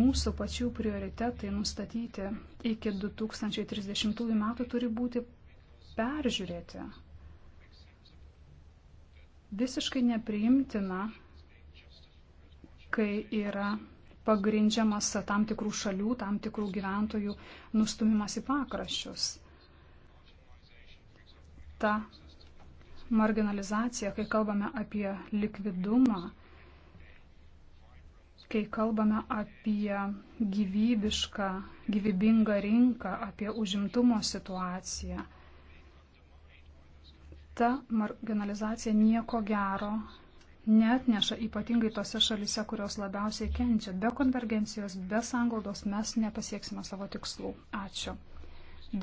mūsų pačių prioritetai nustatyti iki 2030 metų turi būti peržiūrėti. Visiškai nepriimtina, kai yra pagrindžiamas tam tikrų šalių, tam tikrų gyventojų nustumimas į pakraščius. Ta marginalizacija, kai kalbame apie likvidumą, kai kalbame apie gyvybišką, gyvybingą rinką, apie užimtumo situaciją – ta marginalizacija nieko gero netneša, ypatingai tose šalise, kurios labiausiai kenčia. Be konvergencijos, be sanglaudos mes nepasieksime savo tikslų. Ačiū.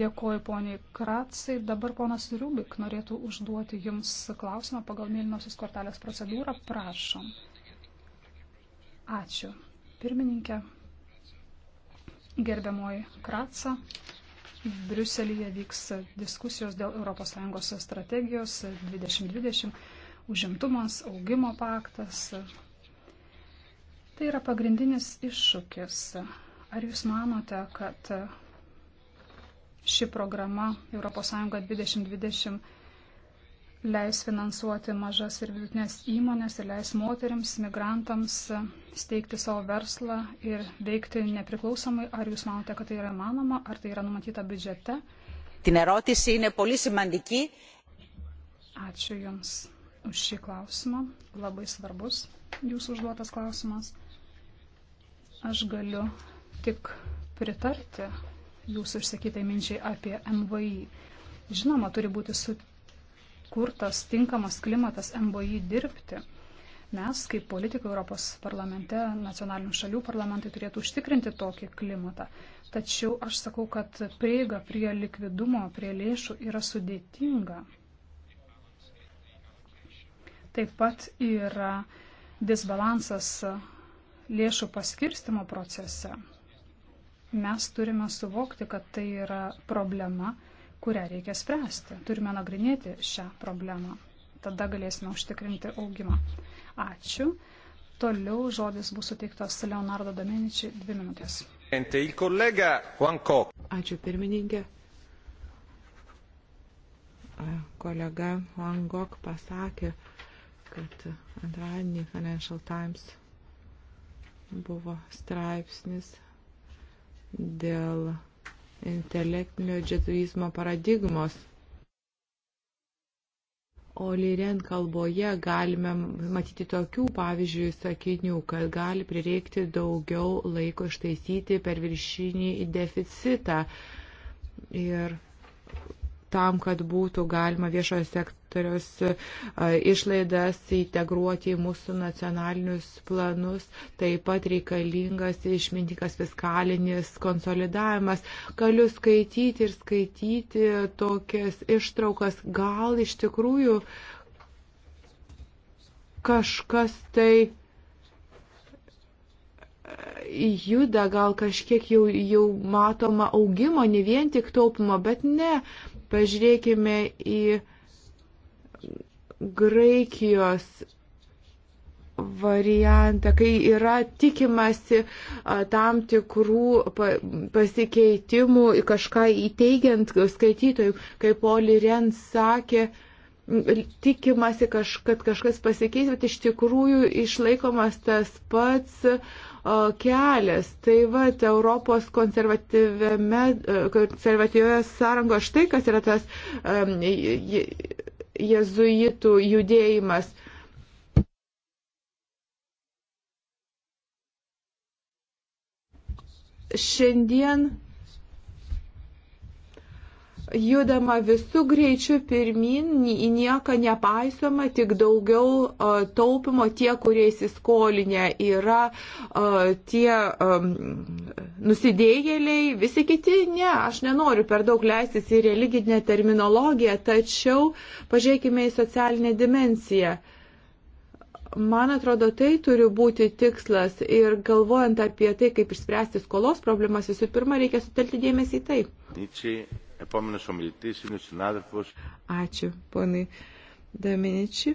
Dėkoju poniai Kratsai. Dabar ponas Riubik norėtų užduoti Jums klausimą pagal mėlynosios kortelės procedūrą. Prašom. Ačiū. Pirmininkė, gerbiamoji Kratsa, Briuselėje vyks diskusijos dėl ES strategijos 2020, užimtumas, augimo paktas. Tai yra pagrindinis iššūkis. Ar Jūs manote, kad ši programa ES 2020 leis finansuoti mažas ir vidutinės įmonės ir leis moteriams, migrantams steigti savo verslą ir veikti nepriklausomai. Ar jūs manote, kad tai yra manoma, ar tai yra numatyta biudžete? Ačiū Jums už šį klausimą. Labai svarbus Jūsų užduotas klausimas. Aš galiu tik pritarti Jūsų išsakytai minčiai apie MVI. Žinoma, turi būti sutikti sukurtas tinkamas klimatas MBI dirbti. Mes, kaip politikai Europos parlamente, nacionalinių šalių parlamentai turėtų užtikrinti tokį klimatą. Tačiau aš sakau, kad prieiga prie likvidumo, prie lėšų yra sudėtinga. Taip pat yra disbalansas lėšų paskirstimo procese. Mes turime suvokti, kad tai yra problema kurią reikia spręsti. Turime nagrinėti šią problemą. Tada galėsime užtikrinti augimą. Ačiū. Toliau žodis bus suteiktas Leonardo Domeničiai dvi minutės. Ačiū pirmininkė. Kolega Wangok pasakė, kad antradienį Financial Times buvo straipsnis dėl intelektinio džeduizmo paradigmos. O lyren kalboje galime matyti tokių pavyzdžių sakinių, kad gali prireikti daugiau laiko ištaisyti per viršinį deficitą. Ir tam, kad būtų galima viešojo sektoriaus sektoriaus e, išlaidas integruoti į mūsų nacionalinius planus. Taip pat reikalingas išmintikas fiskalinis konsolidavimas. Galiu skaityti ir skaityti tokias ištraukas. Gal iš tikrųjų kažkas tai e, juda, gal kažkiek jau, jau matoma augimo, ne vien tik taupimo, bet ne. Pažiūrėkime į Graikijos variantą, kai yra tikimasi tam tikrų pasikeitimų, kažką įteigiant skaitytojų, kaip Poli Rens sakė, tikimasi, kaž, kad kažkas pasikeis, bet iš tikrųjų išlaikomas tas pats kelias. Tai va, Europos konservatyvioje sąrangoje štai kas yra tas um, jezuitų judėjimas. Šiandien judama visų greičių pirmin, į nieką nepaisoma, tik daugiau uh, taupimo tie, kurie įsiskolinę yra uh, tie um, nusidėjėliai, visi kiti ne, aš nenoriu per daug leistis į religinę terminologiją, tačiau pažiūrėkime į socialinę dimenciją. Man atrodo, tai turi būti tikslas ir galvojant apie tai, kaip išspręsti skolos problemas, visų pirma, reikia sutelkti dėmesį į tai. Ničiai. Ačiū, ponai Dominičiui.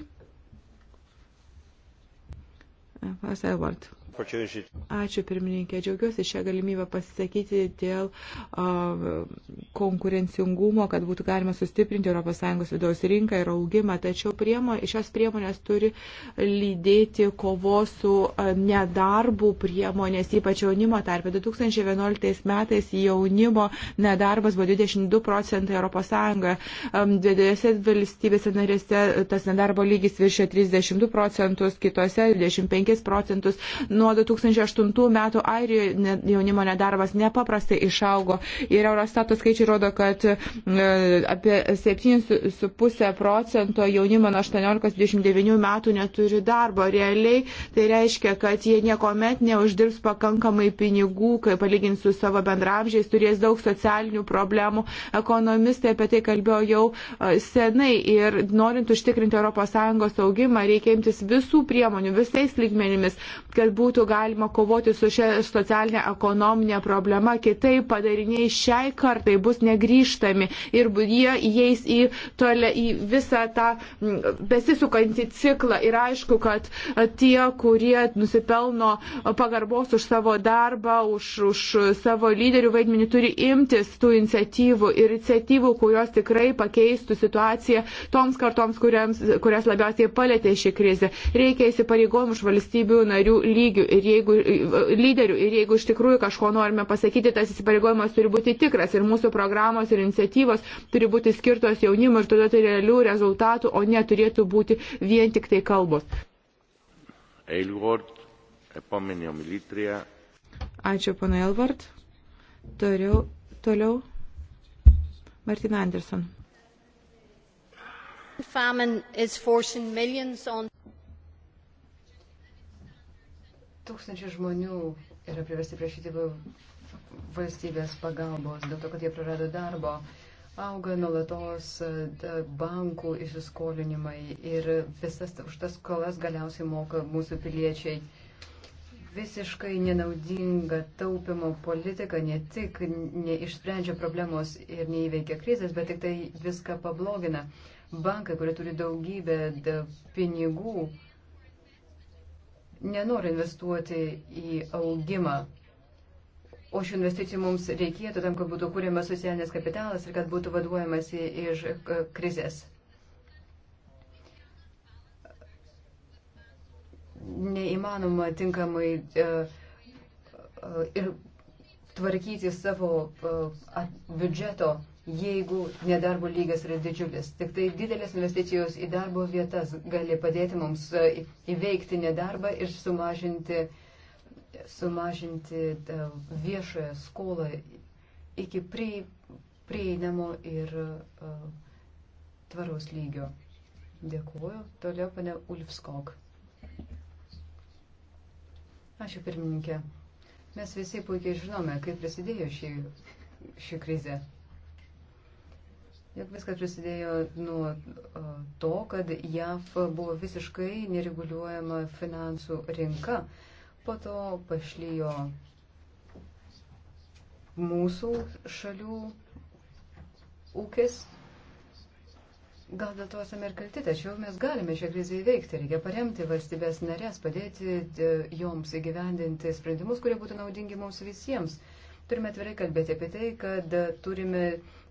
Pasai Valt opportunity. Ačiū pirmininkė, džiaugiuosi šią galimybę pasisakyti dėl uh, konkurencingumo, kad būtų galima sustiprinti ES vidaus rinką ir augimą, tačiau priemo, šios priemonės turi lydėti kovos su uh, nedarbu priemonės, ypač jaunimo tarp. 2011 metais jaunimo nedarbas buvo 22 procentai ES, um, dviejose valstybėse narėse tas nedarbo lygis viršė 32 procentus, kitose 25 procentus. Nuo nuo 2008 metų Airijoje jaunimo nedarbas nepaprastai išaugo ir Eurostato skaičiai rodo, kad e, apie 7,5 procento jaunimo nuo 18-29 metų neturi darbo. Realiai tai reiškia, kad jie niekuomet neuždirbs pakankamai pinigų, kai palygins su savo bendramžiais, turės daug socialinių problemų. Ekonomistai apie tai kalbėjo jau e, senai ir norint užtikrinti ES augimą, reikia imtis visų priemonių, visais lygmenimis, kad būtų būtų galima kovoti su šia socialinė ekonominė problema. Kitaip padariniai šiai kartai bus negryžtami ir jie įeis į, tolę, į visą tą besisukantį ciklą. Ir aišku, kad tie, kurie nusipelno pagarbos už savo darbą, už, už savo lyderių vaidmenį, turi imtis tų iniciatyvų ir iniciatyvų, kurios tikrai pakeistų situaciją toms kartoms, kuriams, kurias labiausiai palėtė ši krizė. Reikia įsipareigojimų iš valstybių narių lygių lygių ir jeigu, lyderių ir jeigu iš tikrųjų kažko norime pasakyti, tas įsipareigojimas turi būti tikras ir mūsų programos ir iniciatyvos turi būti skirtos jaunimui ir todėl tai realių rezultatų, o ne turėtų būti vien tik tai kalbos. Eilvord, epomenio militrija. Ačiū, pana Elvard. Toliau, toliau. Martina Anderson. Famine is forcing millions on Tūkstančiai žmonių yra priversti prašyti valstybės pagalbos dėl to, kad jie prarado darbo. Auga nuolatos bankų įsiskolinimai ir visas už tas skolas galiausiai moka mūsų piliečiai. Visiškai nenaudinga taupimo politika ne tik neišsprendžia problemos ir neįveikia krizės, bet tik tai viską pablogina. Bankai, kurie turi daugybę pinigų, nenori investuoti į augimą. O šių investicijų mums reikėtų tam, kad būtų kūriamas socialinis kapitalas ir kad būtų vaduojamasi iš e, krizės. Neįmanoma tinkamai e, e, ir tvarkyti savo biudžeto jeigu nedarbo lygis yra didžiulis. Tik tai didelės investicijos į darbo vietas gali padėti mums e, įveikti nedarbą ir sumažinti, sumažinti e, viešąją skolą iki prie, prieinamo ir uh, tvaraus lygio. Dėkuoju. Toliau pane Ulfskog. Ačiū pirmininkė. Mes visi puikiai žinome, kaip prasidėjo ši, ši krizė. Juk viskas prasidėjo nuo e, to, kad JAV buvo visiškai nereguliuojama finansų rinka. Po to pašlyjo mūsų šalių ūkis. Gal dėl to esame ir kalti, tačiau mes galime šią krizę įveikti. Reikia paremti valstybės narės, padėti e, joms įgyvendinti sprendimus, kurie būtų naudingi mums visiems. Turime atvirai kalbėti apie tai, kad turime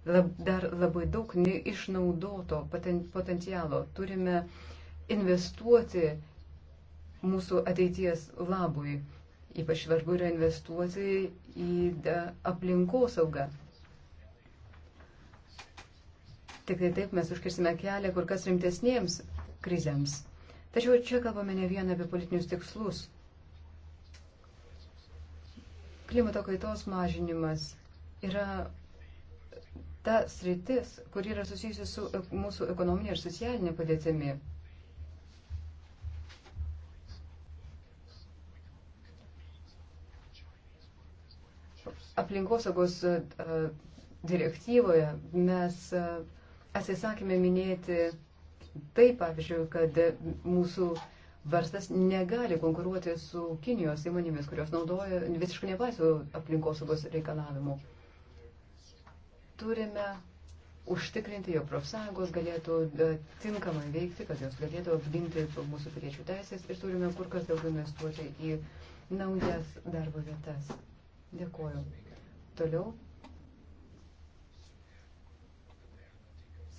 lab, dar labai daug neišnaudoto potencialo. Turime investuoti mūsų ateities labui. Ypač svarbu yra investuoti į aplinkosaugą. Tik tai taip mes užkirsime kelią kur kas rimtesniems krizėms. Tačiau čia kalbame ne vieną apie politinius tikslus. Klimato kaitos mažinimas yra ta sritis, kuri yra susijusi su e, mūsų ekonominė ir socialinė padėtimi. Aplinkosaugos e, direktyvoje mes e, atsisakėme minėti tai, pavyzdžiui, kad mūsų verslas negali konkuruoti su Kinijos įmonėmis, kurios naudoja visiškai nepaiso aplinkosaugos reikalavimų turime užtikrinti, jog profsąjungos galėtų e, tinkamai veikti, kad jos galėtų apginti mūsų piliečių teisės ir turime kur kas daugiau investuoti į naujas darbo vietas. Dėkuoju. Toliau.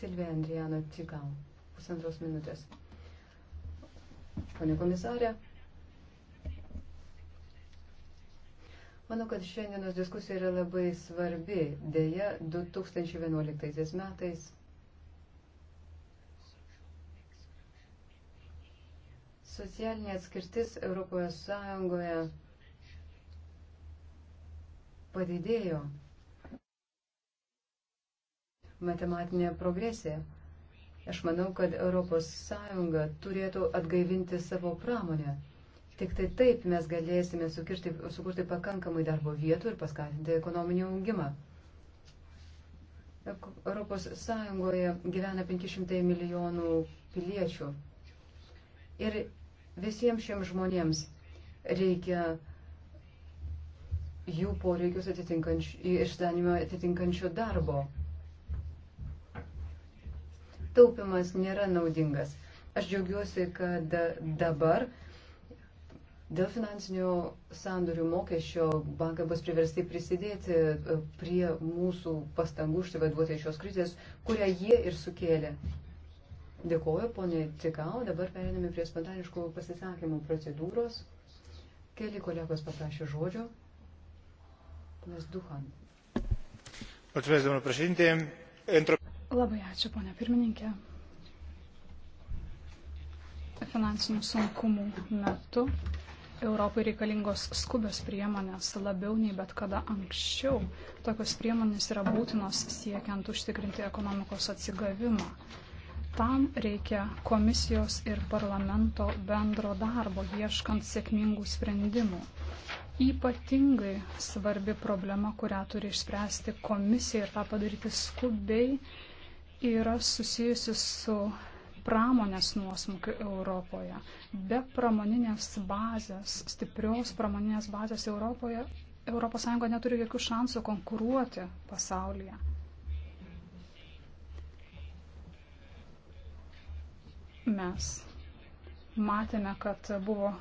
Silvija Andrijano Tikal. Pusantros minutės. Pone komisarė, Manau, kad šiandienos diskusija yra labai svarbi. Deja, 2011 metais socialinė atskirtis Europoje Sąjungoje padidėjo. Matematinė progresija. Aš manau, kad Europos Sąjunga turėtų atgaivinti savo pramonę. Tik tai taip mes galėsime sukirti, sukurti pakankamai darbo vietų ir paskatinti ekonominį augimą. Europos Sąjungoje gyvena 500 milijonų piliečių. Ir visiems šiems žmonėms reikia jų poreikius išdanimo atitinkančio darbo. Taupimas nėra naudingas. Aš džiaugiuosi, kad dabar Dėl finansinių sandorių mokesčio bankai bus priversti prisidėti e, prie mūsų pastangų išsivaduoti iš šios krizės, kurią jie ir sukėlė. Dėkuoju, ponė Tikau. Dabar periname prie spontaniškų pasisakymų procedūros. Keli kolegos paprašė žodžio. Ponas Duhan. Labai ačiū, ponė pirmininkė finansinių sunkumų metu Europai reikalingos skubios priemonės labiau nei bet kada anksčiau. Tokios priemonės yra būtinos siekiant užtikrinti ekonomikos atsigavimą. Tam reikia komisijos ir parlamento bendro darbo ieškant sėkmingų sprendimų. Ypatingai svarbi problema, kurią turi išspręsti komisija ir tą padaryti skubiai, yra susijusi su pramonės nuosmukiu Europoje. Be pramoninės bazės, stiprios pramoninės bazės Europoje, ES neturi jokių šansų konkuruoti pasaulyje. Mes matėme, kad buvo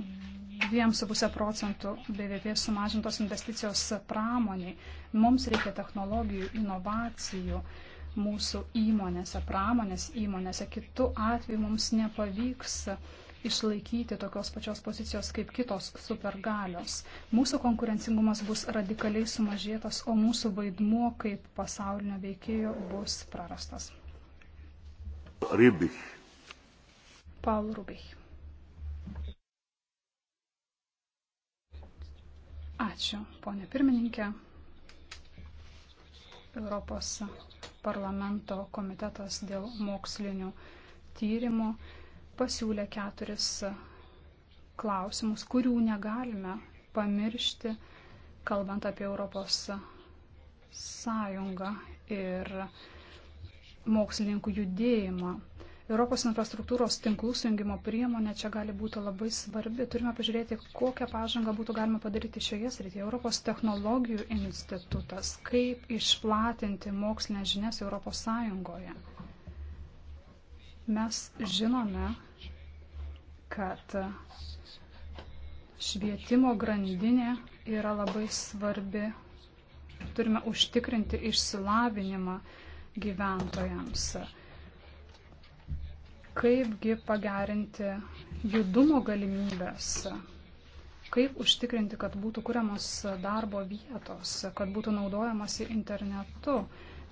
2,5 procentų BVP sumažintos investicijos pramoniai. Mums reikia technologijų, inovacijų mūsų įmonėse, pramonės įmonėse. Kitu atveju mums nepavyks išlaikyti tokios pačios pozicijos kaip kitos supergalios. Mūsų konkurencingumas bus radikaliai sumažėtas, o mūsų vaidmuo kaip pasaulinio veikėjo bus prarastas. Rybich. Paul Rubich. Ačiū, ponė pirmininkė. Europos parlamento komitetas dėl mokslinių tyrimų pasiūlė keturis klausimus, kurių negalime pamiršti, kalbant apie Europos sąjungą ir mokslininkų judėjimą. Europos infrastruktūros tinklų sujungimo priemonė čia gali būti labai svarbi. Turime pažiūrėti, kokią pažangą būtų galima padaryti šioje srityje. Europos technologijų institutas, kaip išplatinti mokslinę žinias Europos Sąjungoje. Mes žinome, kad švietimo grandinė yra labai svarbi. Turime užtikrinti išsilavinimą gyventojams kaipgi pagerinti judumo galimybės, kaip užtikrinti, kad būtų kuriamos darbo vietos, kad būtų naudojamasi internetu,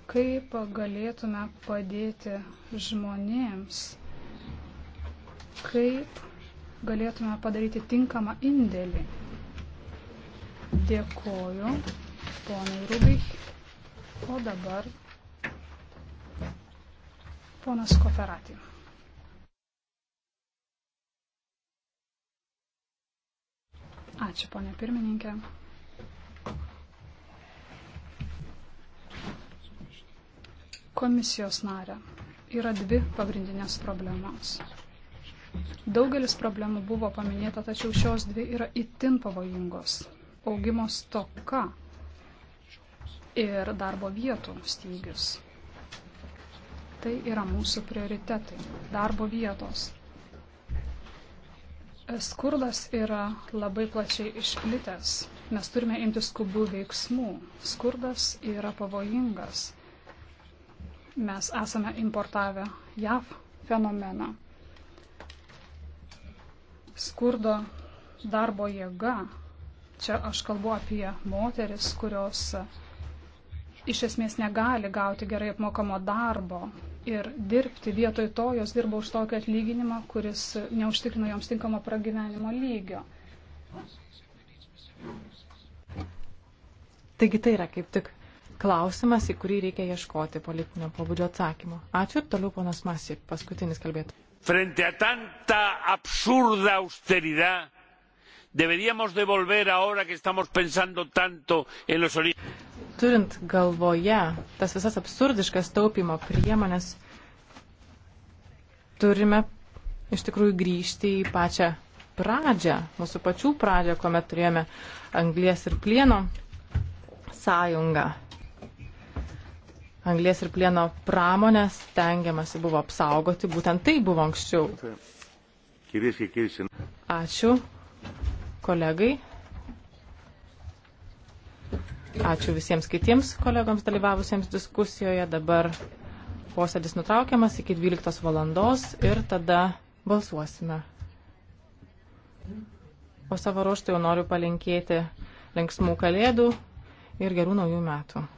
kaip galėtume padėti žmonėms, kaip galėtume padaryti tinkamą indėlį. Dėkoju, ponai Rubai. O dabar ponas Koferatijus. Ačiū, ponė pirmininkė. Komisijos narė. Yra dvi pagrindinės problemos. Daugelis problemų buvo paminėta, tačiau šios dvi yra itin pavojingos. Augimo stoka ir darbo vietų stygius. Tai yra mūsų prioritetai - darbo vietos. Skurdas yra labai plačiai išplitęs. Mes turime imti skubių veiksmų. Skurdas yra pavojingas. Mes esame importavę JAV fenomeną. Skurdo darbo jėga. Čia aš kalbu apie moteris, kurios iš esmės negali gauti gerai apmokamo darbo, ir dirbti. Vietoj to jos dirba už tokį atlyginimą, kuris neužtikrina joms tinkamo pragyvenimo lygio. Taigi tai yra kaip tik klausimas, į kurį reikia ieškoti politinio pobūdžio atsakymo. Ačiū ir toliau ponas Masi, paskutinis kalbėtų. Frente a tanta absurda austeridad, deberíamos devolver ahora que estamos pensando tanto en los orígenes turint galvoje tas visas absurdiškas taupimo priemonės, turime iš tikrųjų grįžti į pačią pradžią, mūsų pačių pradžią, kuomet turėjome anglės ir plieno sąjungą. Anglės ir plieno pramonės tengiamasi buvo apsaugoti, būtent tai buvo anksčiau. Ačiū kolegai. Ačiū visiems kitiems kolegoms dalyvavusiems diskusijoje. Dabar posėdis nutraukiamas iki 12 valandos ir tada balsuosime. O savo ruoštų jau noriu palinkėti linksmų kalėdų ir gerų naujų metų.